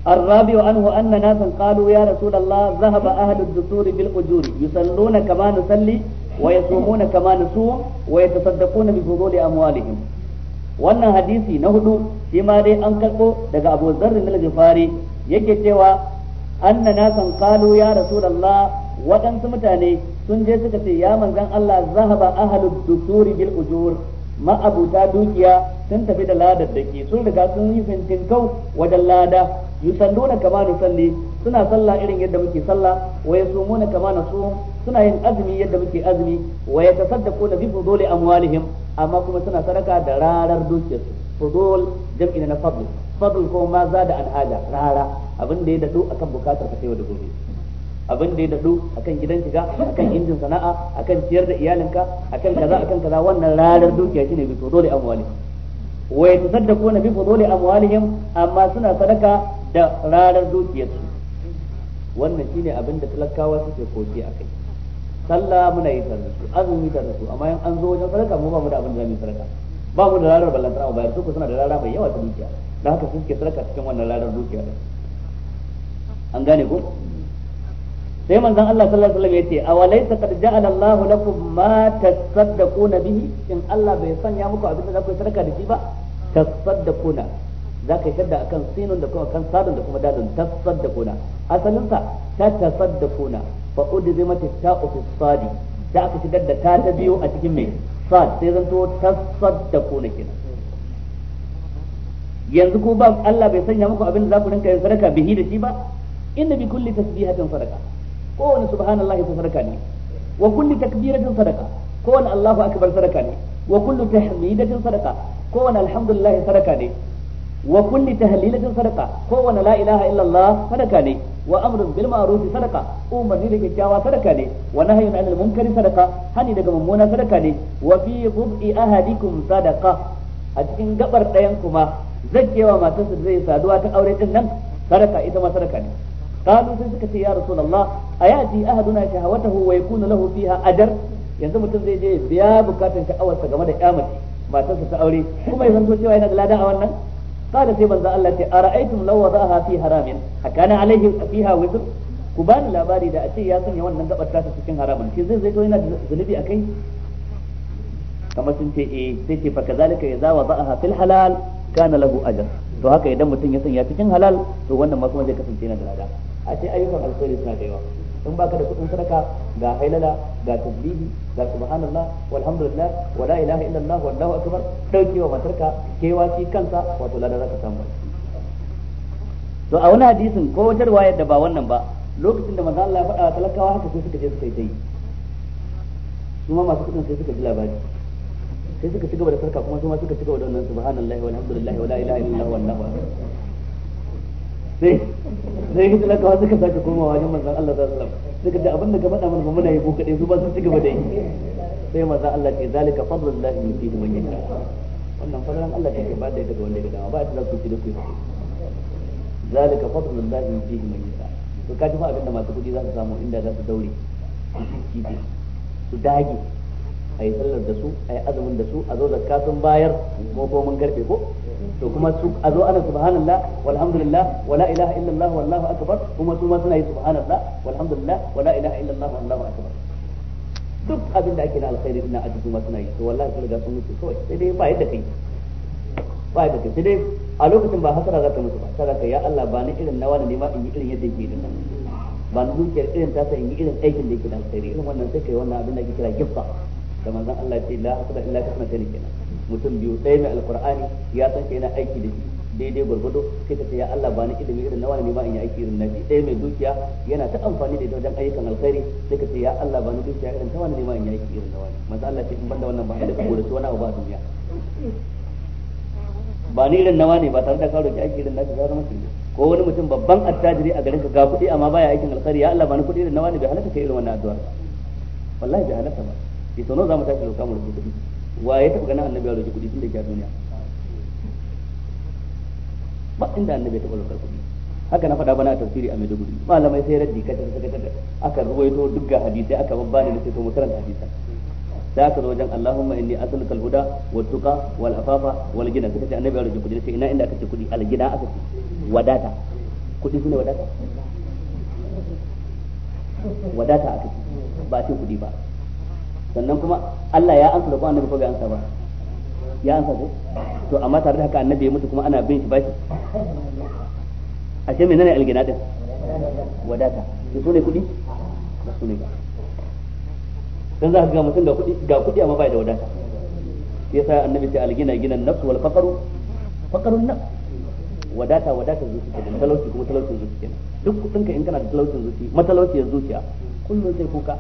الرابع عنه أن ناسا قالوا يا رسول الله ذهب أهل الدثور بالأجور يصلون كما نصلي ويصومون كما نصوم ويتصدقون بفضول أموالهم wannan hadisi na hudu shi ma dai an karɓo daga abu zarri na gifari yake cewa anna nasan qalu ya rasulullah waɗansu mutane sun je suka ce ya manzan Allah zahaba ahlud dusuri bil ujur ma'abuta dukiya sun tafi da ladar da ke sun riga sun yi fintin kau wajen lada yusalluna kama nusalli suna sallah irin yadda muke sallah wa yasumuna kama nasum suna yin azumi yadda muke azumi wa yatasaddaquna bi fuduli amwalihim amma kuma suna sadaka da rarar dukiyarsu fudul jam'i na fadl fadl ko ma za da alhaja rara abin da ya dadu akan bukatar ka sayo da gobe abin da ya dadu akan gidan shiga akan injin sana'a akan ciyar da iyalinka akan kaza akan kaza wannan rarar dukiya shine bi to dole amwali wa na bi dole amwalihim amma suna sadaka da rarar dukiyarsu wannan shine abin da talakawa suke koki akai sallah muna yi sallah su azumi da su amma in an zo wajen sadaka mu ba mu da abin da zamu yi sadaka ba mu da rarar ballantar mu bayar su ko suna da rara mai yawa ta dukiya da haka suke sarka cikin wannan ladar dukiya din an gane ko sai manzon Allah sallallahu alaihi wasallam yace awalaysa qad ja'ala Allahu lakum ma tasaddaquna bihi in Allah bai sanya muku abin da za ku yi sadaka da shi ba tasaddaquna za ka yi shadda akan sinun da kuma kan sadun da kuma dadun tasaddaquna asalin sa ta tasaddaquna fa udzimat ta'u fi sadi da aka shigar da ta ta biyo a cikin mai sad sai zanto tasaddaquna kenan yanzu ko ba Allah bai sanya muku abin da za ku rinka yin sadaka bihi da shi ba inna bi kulli tasbihatin sadaka kowane subhanallahi ta sadaka ne wa kulli takbiratin sadaka kowane Allahu akbar sadaka ne wa kullu tahmidatin sadaka kowane alhamdulillah sadaka ne wa kulli tahlilatin sadaka kowane la ilaha illallah sadaka ne wa amrun bil ma'ruf sadaka umarni da kyakkyawa sadaka ne wa nahyun 'anil munkari sadaka hani daga mummuna sadaka ne wa fi qub'i ahadikum sadaqa a cikin gabar ɗayan kuma zakewa matarsa da zai saduwa ta aure din nan sadaka ita ma sadaka ne قالوا sai suka ce ya rasulullah ayati ahaduna shahawatahu wa yakunu lahu fiha ajr yanzu mutum zai je biya bukatun sha'awarsa game da kyamace matarsa ta aure kuma yanzu zanto cewa yana da lada a wannan kada sai manzo Allah ce ara'aytum law wada'aha fi haramin hakana alaihi fiha wizr ku bani labari da a ce ya sanya wannan gabar tasa cikin haramun shi zai zaito yana da zunubi akai kamar sun ce eh sai ce fa kazalika yaza wada'aha fil halal kana lahu ajr to haka idan mutum ya sanya cikin halal to wannan ma kuma zai kasance na da a ce ayyukan alkhairi suna da yawa in baka da kudin sadaka ga hailala ga tasbihi ga subhanallah walhamdulillah la ilaha illallah wallahu akbar wa matarka kewaci kansa wato ladan zaka samu to a wani hadisin ko wajen riwayar da ba wannan ba lokacin da manzo Allah ya faɗa talakawa haka sai suka je suka yi dai kuma masu kudin sai suka ji labari sai suka ci gaba da sarka kuma su ma suka ci gaba da wannan subhanallahi walhamdulillahi wala ilaha illallah wallahu akbar sai sai hijira kawa suka sake komawa wajen manzon Allah sallallahu alaihi wasallam suka ji abin da gaba da mana muna yi ko kadai su ba su ci gaba da yi sai manzon Allah ce zalika fadlullahi yutihi man yasha wannan fadlan Allah ke ba da daga wanda ya dama ba ta za ku ci da ku zalika fadlullahi yutihi man yasha to ka ji ma abin da masu kudi za su samu inda za su daure su dage a yi sallar da su a yi azumin da su a zo zakka sun bayar mu ko mun karfe ko to kuma su a zo ana subhanallah walhamdulillah wala ilaha illallah wallahu akbar kuma su ma suna yi subhanallah walhamdulillah wala ilaha illallah wallahu akbar duk abin da ake na alkhairi ina a cikin suna yi to wallahi sun riga sun mutu kawai sai dai ba yadda kai ba yadda kai sai dai a lokacin ba hasara za ta mutu ba sai ka ya Allah ba ni irin nawa ne ma in yi irin yadda yake din ba ni dukiyar irin ta sai in yi irin aikin da yake da alkhairi irin wannan sai kai wannan abin da ake kira gifta da manzon Allah ce la hasada illa ka ne kenan mutum biyu ɗaya mai alqur'ani ya san na aiki da shi daidai gwargwado sai ka ce ya Allah ba ni ilimi irin nawa ne ma in yi aiki irin na nafi ɗaya mai dukiya yana ta amfani da ita wajen ayyukan alkhairi sai ka ce ya Allah ba ni dukiya irin ta wani ne ma in yi aiki irin nawa ne manzon Allah ce in banda wannan ba da ka gode wani abu ba duniya ba ni irin nawa ne ba tare da ka ki aiki irin na ya zama shirme ko wani mutum babban attajiri a garin ka ga kuɗi amma baya aikin alkhairi ya Allah ba ni kuɗi irin nawa ne bai halaka kai irin wannan addu'a wallahi bai halaka ba sai eh, to nawa mu tafi da mu roƙi kuɗi wa ya taɓa ganin annabi ya roƙi kuɗi tun da ke duniya ba inda annabi ya taɓa roƙar kuɗi haka na faɗa bana a tafsiri a Maiduguri malamai sai raddi ka tafi ka tafi aka ruwaito duk ga hadisai aka babbani na sai to mu karanta hadisan sai aka zo wajen Allahumma inni as'aluka al-huda wat tuqa wal afafa wal ghina kace annabi ya roƙi kuɗi sai ina inda aka ce kuɗi al-ghina aka ce wadata kuɗi shine wadata wadata aka ce ba ce kuɗi ba sannan kuma Allah ya ansa da kuma annabi ko bai ansa ba ya ansa ko to amma tare da haka annabi ya mutu kuma ana bin shi bashi ashe menene algina din wadata to sune kudi ba sune ba dan za ka ga mutum da kudi ga kudi amma bai da wadata sai sai annabi ta algina ginan nafsu wal faqru faqrun nafs wadata wadata zuci kenan talauci kuma talaucin zuci kenan duk kudin ka in kana da talaucin zuci matalauciyar zuciya kullum sai kuka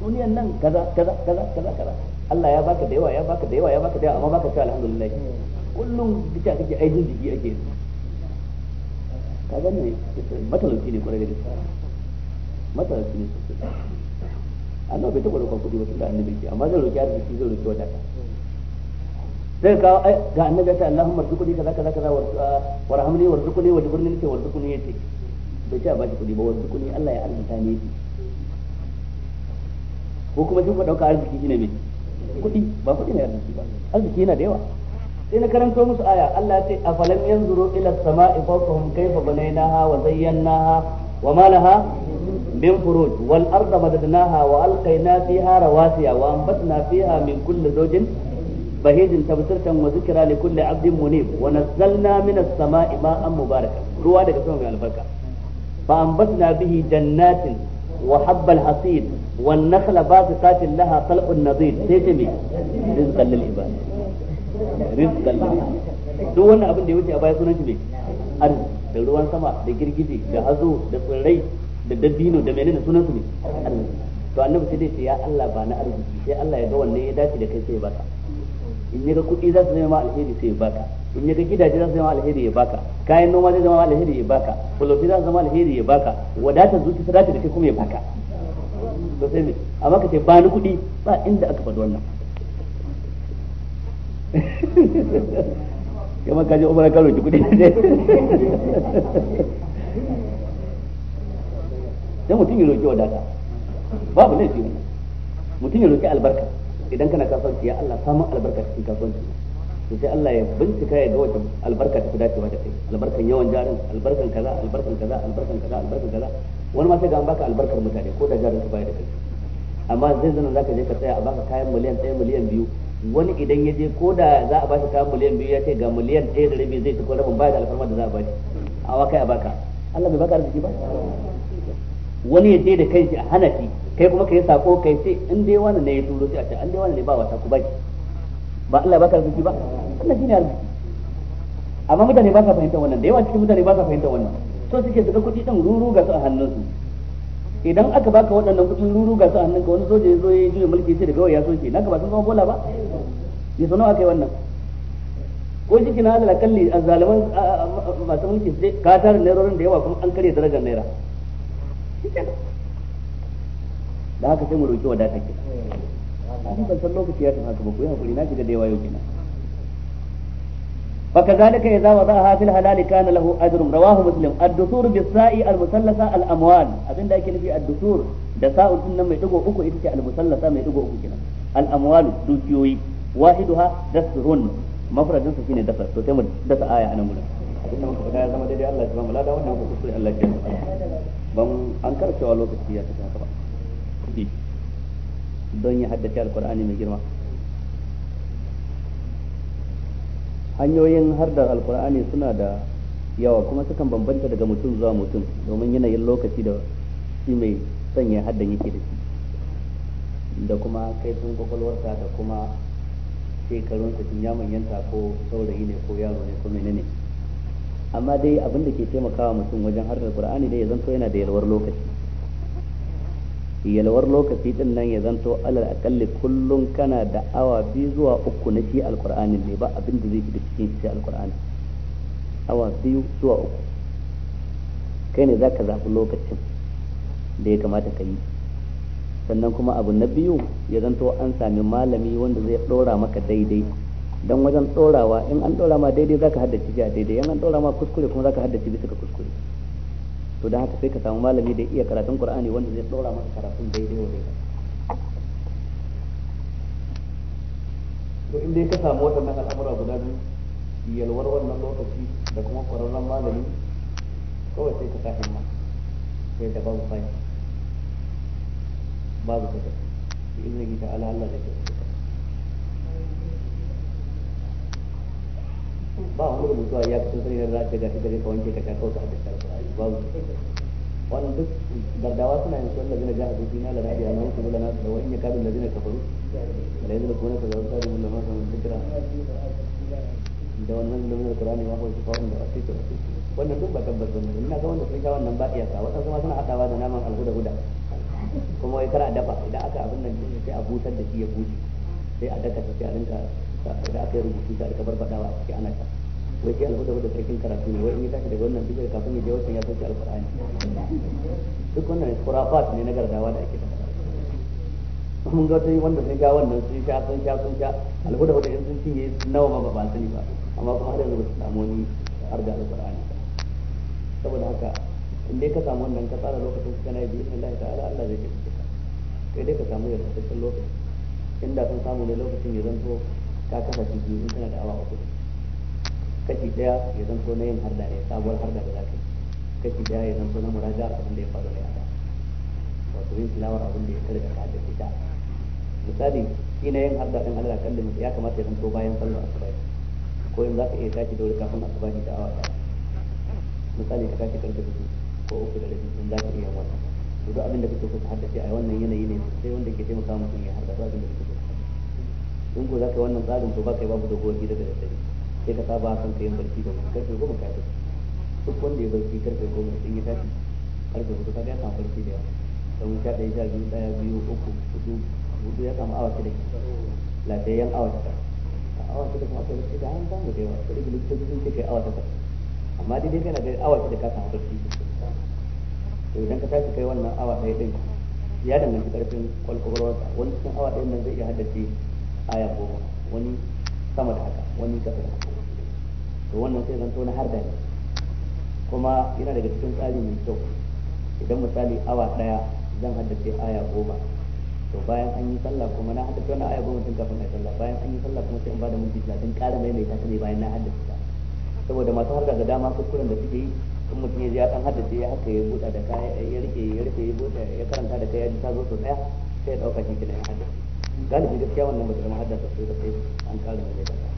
duniyan nan kaza kaza kaza kaza kaza Allah ya baka da yawa ya baka da yawa ya baka da yawa amma baka cewa alhamdulillah hmm. kullum duka kake aijin jiki ake ka gane matalauci ne kwarai da gaske matalauci ne sosai annabi bai taɓa roƙon kuɗi ba tunda annabi ke amma zai roƙi arziki zai roƙi wadata sai kawo ai ga annabi ta Allahu marzu rzuqni kaza kaza kaza ah, warhamni warzuqni wajburni ce warzuqni yace bai ce ba shi kuɗi ba warzuqni Allah ya arzuta ne yace ko kuma sun dauka arziki shine mai kuɗi ba kuɗi ne arziki ba arziki yana da yawa sai na karanto musu aya Allah ya ce afalam yanzuru ila samai fawqahum kayfa banaynaha wa zayyanaha wa ma laha min furuj wal arda madadnaha wa alqayna fiha rawasiya wa anbatna fiha min kulli zawjin bahijin tabsirtan wa zikra li kulli 'abdin munib wa nazzalna minas samai ma'an mubarakan ruwa daga sama mai albarka fa anbatna bihi jannatin وحب الحصيد والنخل باسقات لها طلق نضيد رزقا للعباد رزقا للعباد ya wuce a baya ruwan sama da girgije da hazo dabino to annabi sai dai ya Allah ba na arziki sai Allah ya ga wannan ya dace da kai sai ya baka in ya ga kuɗi za su zama alheri sai ya baka in ya ga gidaje za su zama alheri ya baka kayan noma zai zama alheri ya baka kulofi za su zama alheri ya baka wadata zuci ta dace da kai kuma ya baka to sai me amma ka ce ba ni kuɗi ba inda aka faɗi wannan kamar ka ji umar ka roki kuɗi sai mutum ya roki wadata babu laifi mutum ya roki albarka idan kana kasuwanci ya Allah samun albarka cikin kasuwanci to sai Allah ya bincika ya ga wata albarka ta fi mata kai albarkan yawan jarin albarkan kaza albarkan kaza albarkan kaza albarkan kaza wani ma sai ga an baka albarkar mutane ko da jarin ka baya da kai amma zai zana zaka je ka tsaya a baka kayan miliyan ɗaya miliyan biyu wani idan ya je ko da za a bashi kayan miliyan biyu ya ce ga miliyan ɗaya da rabi zai tuko rabin baya da alfarma da za a bashi a wa kai a baka Allah bai baka arziki ba wani ya je da kanshi a hana kai kuma kai sako kai sai in dai wani ne ya turo sai a ce an dai wani ne ba wata ku baki ba Allah ya baka arziki ba Allah shine arziki amma mutane ba sa fahimtar wannan da yawa cikin mutane ba sa fahimtar wannan so suke su ga kuɗi din ruru ga su a hannunsu idan aka baka waɗannan kuɗin ruru ga su a hannunka wani soja ya zo ya juya mulki sai da gawa ya soke naka ba sun zama bola ba ya sanu aka yi wannan ko shi kina da kalli a zaliman masu mulki sai ka tara nairorin da yawa kuma an karya darajar naira da haka sai mu roki wadata kenan ni ban san lokaci ya tafi haka ba ku yi hakuri na shiga da yawa yau kenan فكذلك إذا وضعها في الحلال كان له أجر رواه مسلم الدثور بالساء المثلثة الأموال أبين دا يكن في الدثور دا ساء الدنيا ما يدقوا أكو إتشاء المثلثة ما يدقوا أكو كنا الأموال دوتيوي واحدها دثرون مفرد نفسه شيني دثر تو تيمو دثر آية أنا مولا abinda muka faɗa ya zama daidai Allah ya zama lada wannan ku kusuri Allah ya zama ban an karcewa lokaci ya tafi haka ba don ya haddace alkur'ani mai girma hanyoyin hardar alkur'ani suna da yawa kuma sukan bambanta daga mutum zuwa mutum domin yanayin lokaci da shi mai sanya haddan yake da shi da kuma kaifin kwakwalwarsa da kuma shekarun sun ya yanta ko saurayi ne ko yaro ne ko menene amma dai abin da ke taimakawa mutum wajen hardar alkur'ani dai ya zanto yana da yalwar lokaci yalwar lokaci din nan ya zanto alal akalli kullum kana da awa biyu zuwa uku na shi alqur'ani ne ba abin da zai fi da cikin shi alqur'ani awa biyu zuwa uku kai ne zaka zaɓi lokacin da ya kamata ka yi sannan kuma abu na biyu ya zanto an sami malami wanda zai dora maka daidai don wajen dorawa in an dora ma daidai zaka haddace a daidai in an dora ma kuskure kuma zaka haddace bisa ka kuskure to da haka sai ka samu malami da iya karatun qur'ani wanda zai dora maka karatun daidai wa daidai to in dai ka samu na al'amura guda biyu yalwar wannan lokaci da kuma ƙwararren malami kawai sai ka sa himma sai da babu fashi babu kasa bi izinin gita ala Allah da ke ba wani rubutu a iyakacin sanin da za a ce gashi gare ka wanke ka shaka wata hadda ka babu wannan duk gardawa suna yin na lana lana da wani yakadu lazina kafaru da yanzu kuma ka zama sai mun lama kan zikra da wannan da da wannan duk ba tabbas ina ga wanda wannan ba iya sa ma suna hadawa da naman alhuda huda kuma wai kar a dafa idan aka abin nan sai a busar da shi ya sai a daka sai a rinka da aka yi rubutu da aka a ana wai shi alhuda da sarkin karatu ne wai in ya tashi daga wannan bishiyar kafin ya je wancan ya soke alkur'ani duk wannan kurafat ne na gardawa da ake tafiya mun ga wata wanda sun sha wannan sun sha sun sha sun sha alhuda in sun cinye nawa ma ba sani ba amma kuma har yanzu ba su samu wani har da saboda haka in dai ka samu wannan ka tsara lokacin biyu Allah ta'ala Allah zai kai dai ka samu yadda inda sun samu ne lokacin ya zanto ka kafa shi biyu in kana da awa uku kashi daya ya zanto na yin harda ne sabuwar harda da zaka yi kashi daya ya zanto na muraja abin da ya faru ne a da wato yin filawar abin da ya kare da ka da fita misali shi na yin harda din Allah kalli mutum ya kamata ya zanto bayan sallar asuba ko in zaka iya tashi da wuri kafin asuba ne da awa ta misali ka tashi karfe biyu ko uku da rabi in zaka iya wannan duk abin da kake so ka haddace a wannan yanayi ne sai wanda ke taimaka mutum ya harda abin da kake in ko yi wannan tsarin to ka yi babu dogogi daga daddare sai ka saba kan ka yin barci da karfe goma ka duk wanda ya barci karfe goma sun yi tashi karfe hudu kaga ya samu barci da yawa don ka ɗaya sha biyu ɗaya biyu uku hudu hudu ya samu awa shida lafiyayyen awa shida a awa shida kuma ka barci da an samu da yawa sai da likitoci sun ce kai awa ta amma dai dai kana da awa shida ka samu barci to idan ka tashi kai wannan awa ɗaya ɗin ya danganci karfin kwalkwabarwarsa wani cikin awa ɗayan nan zai iya haddace aya goma wani sama da haka wani kasa da haka to wannan sai zanto na harda ne kuma yana daga cikin tsari mai kyau idan misali awa daya zan haddace aya goma to bayan an yi sallah kuma na haddace wannan aya goma tun kafin a sallah bayan an yi sallah kuma sai in bada minti talatin ƙara mai mai ta ne bayan na haddace ta saboda masu harda da dama kuskuren da suke yi in mutum ya je ya dan haddace ya haka ya buɗa da kaya ya rike ya rike ya buɗa ya karanta da kaya ya ji ta zo sau ɗaya sai ya ɗauka shi kina ya haddace galibi gaskiya wannan ba ta zama haddasa sai da sai an kare da daga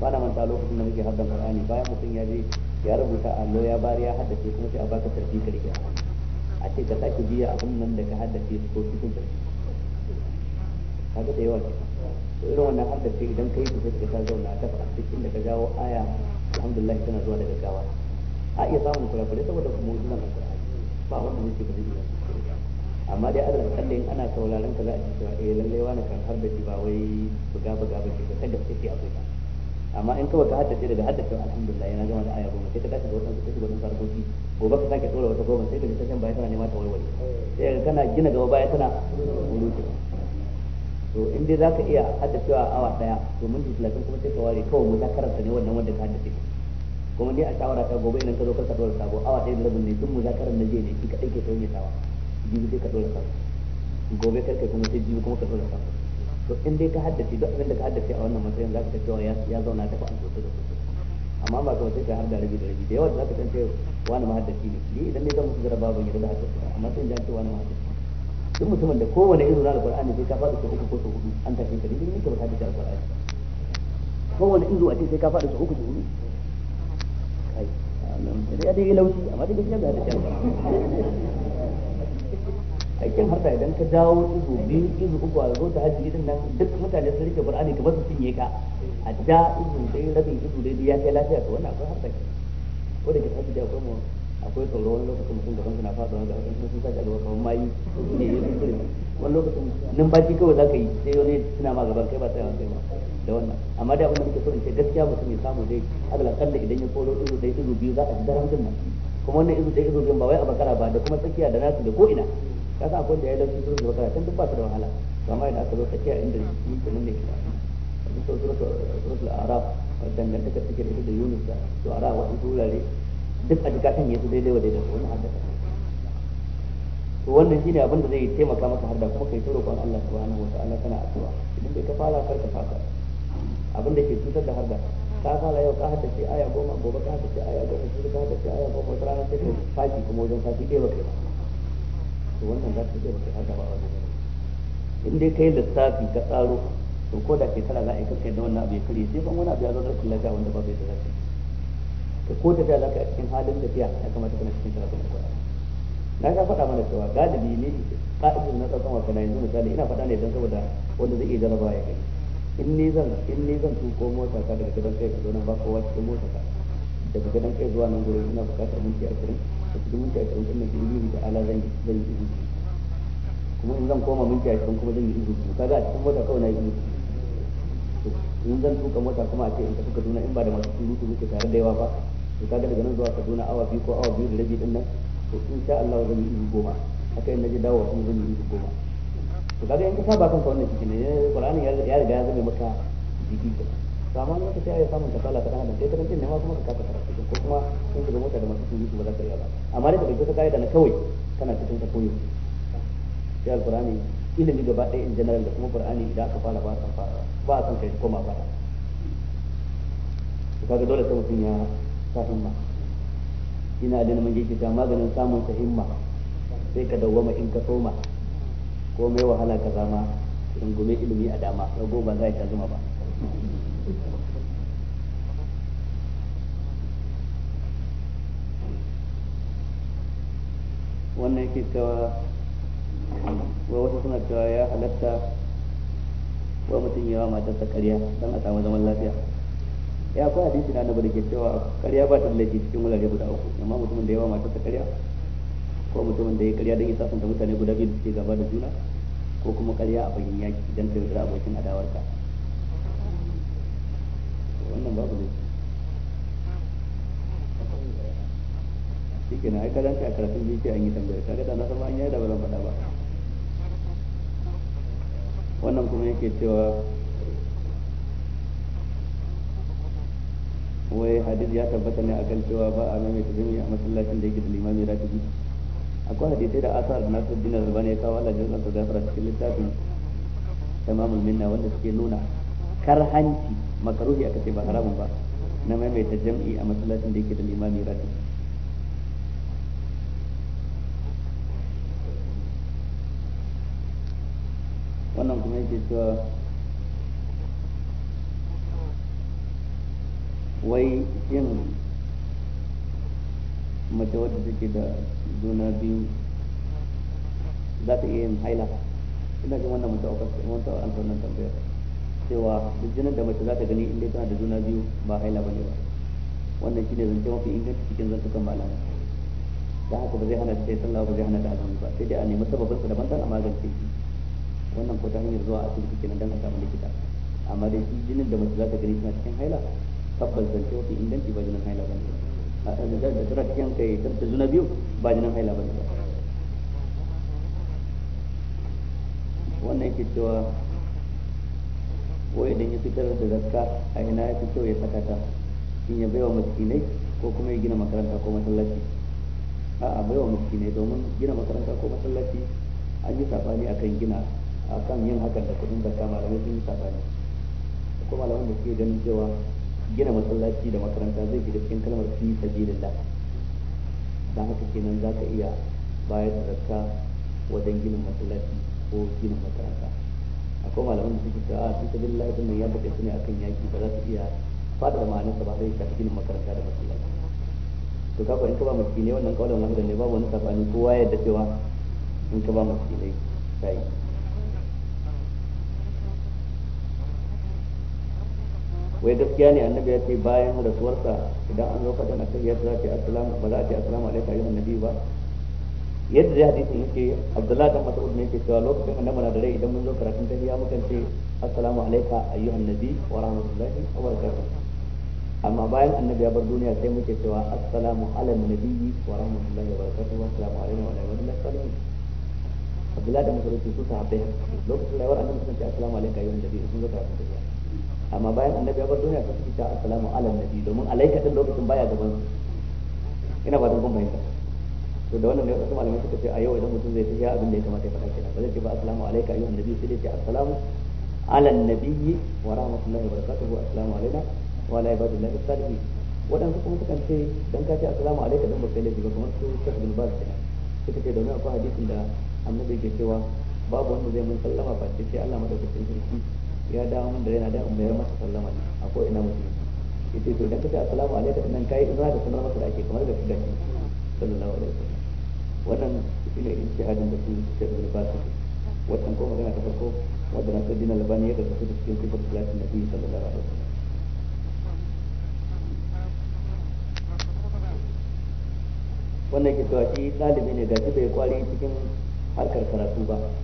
ba na manta lokacin da muke haddan qur'ani bayan mutum ya je ya rubuta a loya bari ya haddace kuma sai a baka tarbi ka rike a ce ka sake biya abin nan da ka haddace ko cikin tarbi kaga da yawa to irin wannan haddace idan kai ku sai ka zauna a kafa cikin da ka jawo aya alhamdulillah tana zuwa daga gawa a iya samun kurakure saboda kuma wannan ba wanda zai ka ba zai amma dai adal musallin ana sauraron ka za a cewa eh lalle wani kan har da ba wai buga buga ba ce ba kada gaske ce akwai amma in kawai ka haddace daga haddace alhamdulillah yana gama da aya goma sai ka tashi da wadansu kashi wadansu harkoki gobe ka sake tsora wata goma sai ka ji tashin baya tana nema ta warware sai ka kana gina gaba baya tana wuce to in dai zaka iya haddacewa awa daya to minti talatin kuma sai ka ware kawai mu zakararsa ne wannan wanda ka haddace kuma ni a shawara ta gobe idan ka zo ka tsora sabo awa daya da rabin ne duk mu zakarar na je ne ka kadai ta wani tawa jibi sai ka dole sa gobe kar kai kuma sai jibi kuma ka dole sa to in dai ka haddace duk abin da ka haddace a wannan matsayin za ka ga cewa ya zauna ta fa'an sosai da sosai amma ba ka sai ka har da rabi da rabi da yawa za ka san cewa wani mahaddaci ne ni idan ne zan musu jaraba ban yarda haka amma sai in ji cewa wani mahaddaci duk mutumin da kowane irin zaka Qur'ani sai ka faɗi sau uku ko sau hudu an tafi ka dindin ka baka da Qur'ani kowane irin a ce sai ka faɗi sau uku ko hudu kai ya dai lauci amma dai gaskiya ba ta aikin harda idan ka dawo izu biyu izu uku a zo ta hajji idan nan duk mutane sun rike qur'ani ka basu cinye ka a da izu dai rabin izu dai ya kai lafiya to wannan akwai harda ko da ke hajji da akwai mu akwai tsoro wani lokacin mutum gaban suna faɗa wani gaban sun sa gaba kamar mayi ne ya kuskure wani lokacin nan numfashi kawai za ka yi sai wani suna ma gaban kai ba sai wani ma da wannan amma da abin da muke so in ce gaskiya mutum ya samu dai agala kalla idan ya koro izu dai izu biyu za a ji daren nan kuma wannan izu dai izu biyu ba wai a bakara ba da kuma tsakiya da nasu da ko ina ka sa akwai da ya lafi surutu bakara can duk ba su da wahala amma idan aka zo tsakiya inda jiki ke nan da ke ba su surutu arab dangantaka take da ita da yunus da su arab wasu wurare duk a jikatan ya su daidai wa daidai wani haddasa to wannan shine abin da zai taimaka maka har da kuma kai turo kwan Allah subhanahu wa ta'ala kana addu'a idan bai ka fara kar ka fasa abin da ke cutar da har da ka fara yau ka haddace aya goma gobe ka haddace aya goma shi ka haddace aya goma ta rana sai ka fashi kuma wajen fashi ɗaya ba kai ba to wannan za ta iya baka haka ba a wajen in dai kai lissafi ka tsaro to ko da shekara za a yi kakkai da wannan abu ya karye sai ban wani abu ya zo rashin lafiya wanda ba bai zarafi ka ko tafiya za ka yi cikin halin tafiya ya kamata kana cikin karatun da kwaya na ka faɗa mana cewa galibi ne ka'idin na tsatsan wata na yanzu misali ina faɗa ne don saboda wanda zai iya jarabawa ya kai in ne zan in ne zan tuko mota ka daga gidan kai ka zo nan ba kowa cikin mota ka daga gidan kai zuwa nan gurin ina buƙatar minti ashirin da cikin minti ashirin din nan biyu da ala zan zan yi ihu kuma in zan koma minti ashirin kuma zan yi ihu kaga a cikin mota kawai na yi ihu in zan tuka mota kuma a ce in tafi Kaduna in ba da masu surutu muke tare da yawa ba to kaga daga nan zuwa Kaduna awa biyu ko awa biyu da rabi din nan to insha Allah zan yi ihu goma haka in naje dawo kuma zan yi ihu goma to kaga in ka saba kanka wannan cikin ne eh, Qur'ani ya riga ya zame maka jiki to amma in ka sai ya samu kasala ka dan sai ka dan ne ma kuma ka kasa karatu ko kuma sun mota da masu surutu ba ka yi ba amma dai ka ɗauki wata ka'ida na kawai kana cikin ta koyo sai alkurani kuma qur'ani idan aka fara ba a a san kai koma fara maganin samun sa himma sai ka dawwama in ka soma komai mai wahala ka zama rungume ilimi a dama rago ba za ta zama ba wannan yake cewa wa wasu suna cewa ya halatta wa mutum yawa matarsa karya don a samu zaman lafiya ya kuwa hadisi na annabi da ke cewa karya ba ta laifi cikin wurare guda uku amma mutumin da yawa matarsa karya ko mutumin da ya karya don ya sasanta mutane guda biyu da suke gaba da juna ko kuma karya a bayan yaki don yi yaudara abokin adawarka wannan babu laifi shi aika don kadan a karatun jiki an yi tambayar ta gada na sama an yi da ba zan faɗa ba wannan kuma yake cewa wai hadis ya tabbata ne akan cewa ba a maimaita jami'i a masallacin da yake da limami a akwai hadisai da asar na suddin albani ya kawo Allah jinsa su gafara cikin littafin tamamul minna wanda suke nuna karhanci makaruhi aka ce ba haramun ba na maimaita jam'i a masallacin da yake da limami ratibi wannan kuma yake cewa wai yin mace wadda take da juna biyu za ta iya yin haila ina ga wannan mace aukar wata alfarnan tambayar cewa duk jinin da mace za ta gani inda tana da juna biyu ba haila ba ne ba wannan shine zance mafi inganci cikin tukan malamai da haka ba zai hana ta sallah ba zai hana ta azumi ba sai dai a nemi sababin sa daban a magance shi wannan ko ta hanyar zuwa cikin kenan dan a likita amma dai shi jinin da mace za ta gani tana cikin haila tabbas zance mafi inganci ba jinin haila bane da tsara cikin kai tabbata juna biyu ba jinin haila bane ba wannan yake cewa ko idan ya fitar da zakka a ina ya fi kyau ya saka ta in ya baiwa miskinai ko kuma ya gina makaranta ko masallaci a'a baiwa miskinai domin gina makaranta ko masallaci an yi a akan gina akan yin hakan da kudin zakka malamai sun yi sabani akwai malamai da suke ganin cewa gina masallaci da makaranta zai fi cikin kalmar fi sabilillah dan haka kenan ka iya bayar da zakka wajen ginin masallaci ko ginin makaranta akwai malamai da suke cewa ah, fi sabilillah din nan ya buƙaci su ne akan yaki ba za su iya fada da ma'anar ba zai shafi ginin makaranta da masallaci to ka in ka ba miskine wannan kaulan wani ne babu wani sabani kowa ya yadda cewa in ka ba miskine kai wai gaskiya ne annabi ya ce bayan rasuwarsa idan an zo faɗin akai za ta assalamu ba za ta assalamu alaikum ayyuhan nabi ba yadda zai hadisin yake Abdullahi dan Mas'ud ne yake cewa lokacin annabi na da rai idan mun zo karatun ta tahiyya mukan ce assalamu alaikum ayyuhan nabi wa rahmatullahi wa barakatuh amma bayan annabi ya bar duniya sai muke cewa assalamu ala nabi wa rahmatullahi wa barakatuh wa assalamu alaikum wa rahmatullahi wa barakatuh Abdullahi da Mas'ud su sahabbai lokacin rayuwar annabi sun ce assalamu alaikum ayyuhan nabi sun zo karatun tahiyya amma bayan annabi ya bar duniya sai suke ta assalamu ala nabi domin alaika din lokacin baya gaban ina ba fatan kun bayyana to da wannan ne wasu malamai suka ce a yau idan mutum zai tafiya abin da ya kamata ya faɗa kenan ba zai ce ba assalamu alaika ayyuhan nabi sai dai ce assalamu ala nabi wa rahmatullahi wa barakatuhu assalamu alaina wa ala ibadillahi salihin waɗansu kuma sukan ce dan ka ce assalamu alaika dan ba kai laifi ba kamar su Sheikh bin Baz kenan suka ce domin akwai hadisin da annabi ke cewa babu wanda zai mun sallama ba sai Allah madaukakin sarki ya dawo mun da yana da umar masa sallama a ko ina mutum yace to dan kace assalamu alaikum nan kai in za sanar masa da ake kamar da kida sallallahu alaihi wasallam wannan shine ijtihadin da su ke da ba su wannan ko magana ta farko wanda na sabbin albani ya da su cikin sifar salatin nabi sallallahu alaihi wasallam wannan ke cewa shi ɗalibi ne da shi bai kwari cikin harkar karatu ba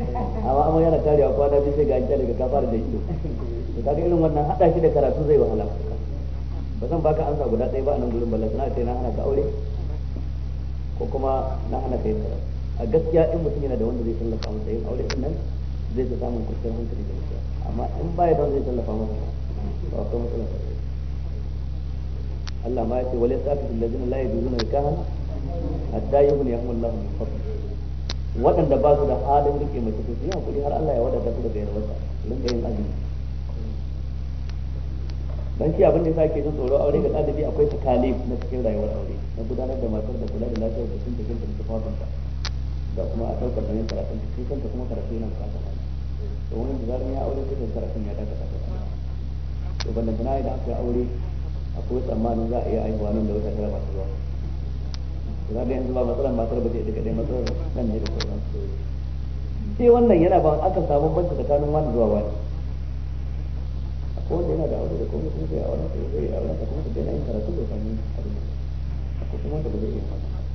amma amma yana tarewa kwana biyu sai ga an daga ka fara da ido to kaga irin wannan hada shi da karatu zai wahala ba zan baka ansa guda ɗaya ba a nan gurin balla sana ce na hana ka aure ko kuma na hana ka yin karatu a gaskiya in mutum yana da wanda zai tallafa masa yin aure din nan zai ta samun kwanciyar hankali da mutum amma in ba ya zai tallafa masa ba akwai matsala ba Allah ma ya ce wale wala yasaqatu allazina la yajuzuna nikahan hatta yughni yahmullahu min fadlihi waɗanda ba su da halin rike mai cikin su yi hakuri har Allah ya wadata su daga wata rinka yin azumi dan shi abin da yasa ke jin tsoro aure ga ɗalibi akwai takalif na cikin rayuwar aure na gudanar da matar da kula da lafiyar da sun tafi da tufafinta da kuma a ɗaukar nauyin karatun ta cikin kanta kuma karatu yana bukatar hali to wani da zarar ya aure ta da karatun ya dakata ta to ban da idan aka aure akwai tsammanin za a iya aihuwa nan da wata tara masu zuwa za ga yanzu ba matsalar matar ba daga kadai matsalar nan ne da sauran sai wannan yana ba aka samu banta tsakanin wani zuwa wani akwai wanda yana da aure da komai kuma sai a wani sai zai a wani kuma sai yana yin karatu da sami abin akwai kuma wanda ba zai iya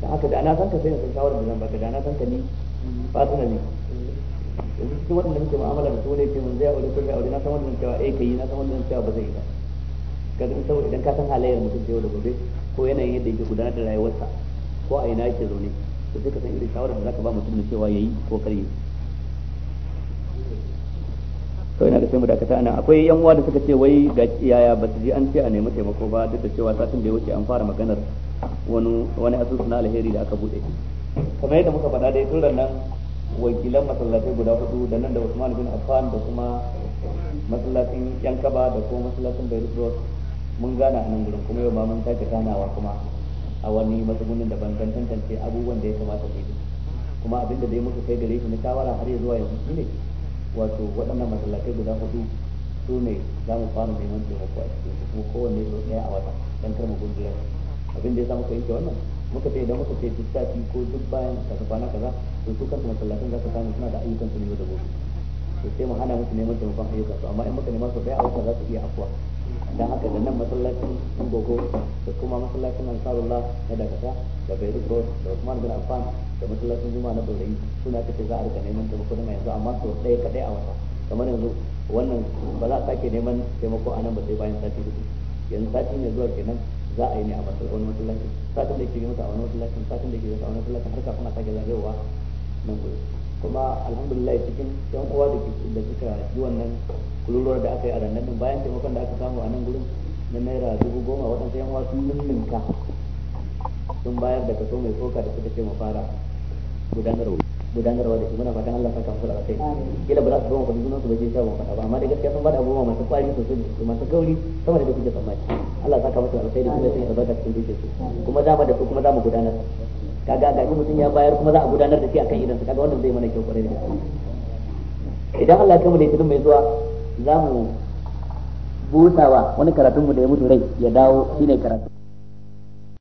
da haka da ana san ka sai na shawarar da zan baka da ana san ka ni fatina ne yanzu cikin waɗanda muke mu'amala da su ne ce mun zai aure ko zai aure na san wannan cewa eh kai na san wannan cewa ba zai yi ba kaga saboda idan ka san halayyar mutum yau da gobe ko yanayin yadda yake gudanar da rayuwarsa ko a ina yake zaune to sai ka san irin shawarar da zaka ba mutum ne cewa yayi ko kar yi to ina da sai mu dakata ana akwai yan uwa da suka ce wai ga yaya ba su ji an ce a nemi taimako ba duk da cewa satin da ya wuce an fara maganar wani wani asusu na alheri da aka bude kamar yadda muka faɗa dai tun nan wakilan masallatai guda hudu da nan da Usman bin Affan da kuma yan Yankaba da kuma masallatin Beirut mun gana a nan gurin kuma yau ma mun sake kanawa kuma a wani matsugunin daban dan tantance abubuwan da ya kamata su yi kuma abinda dai muka kai gare shi na shawara har zuwa yanzu shine wato waɗannan masallatai guda hudu su ne za mu fara neman taimako a cikin su kuma kowanne sau ɗaya a wata dan kar mu abin da ya sa muka yanke wannan muka ce idan muka ce duk sati ko duk bayan kaza kwana kaza to su kansu masallatan za ka samu suna da ayyukan su ne da gobe to sai mu hana musu neman taimakon ayyuka su amma in muka nema su ɗaya a wata za su iya afuwa don haka da nan masallacin gogo da kuma masallacin ansarullah na dakata da beirut road da kuma bin affan da masallacin juma'a na bulayi suna kace za a rika neman taimako da yanzu amma to ɗaya kadai a wata kamar yanzu wannan ba za a sake neman taimako a nan ba sai bayan sati hudu yanzu sati ne zuwa kenan za a yi ne a masallacin masallacin satin da ke yi mata a wani masallacin satin da ke yi mata a wani masallacin har kafin a sake zagayowa nan gobe kuma alhamdulillah cikin yan uwa da suka ji wannan kururuwar da aka yi a rannan din bayan taimakon da aka samu a nan gurin na naira dubu goma waɗansu yan uwa sun ninninka sun bayar da kaso mai tsoka da suka ce mu fara gudanarwa gudanarwa da shi muna fatan Allah saka musu kai kila ba za su goma kudin sunan su ba je sha ba fada ba amma da gaskiya sun bada goma masu kwari sosai da su masu gauri sama da da tsammaki Allah saka musu alkhairi kuma sai albarka cikin dukiyarsu kuma dama da su kuma za mu gudanar kaga ga mutum ya bayar kuma za a gudanar da shi akan idan kaga wannan zai mana kyau kwarai da idan Allah ya kama da mai zuwa za mu busawa wani karatun mu da ya mutu rai ya dawo shine karatu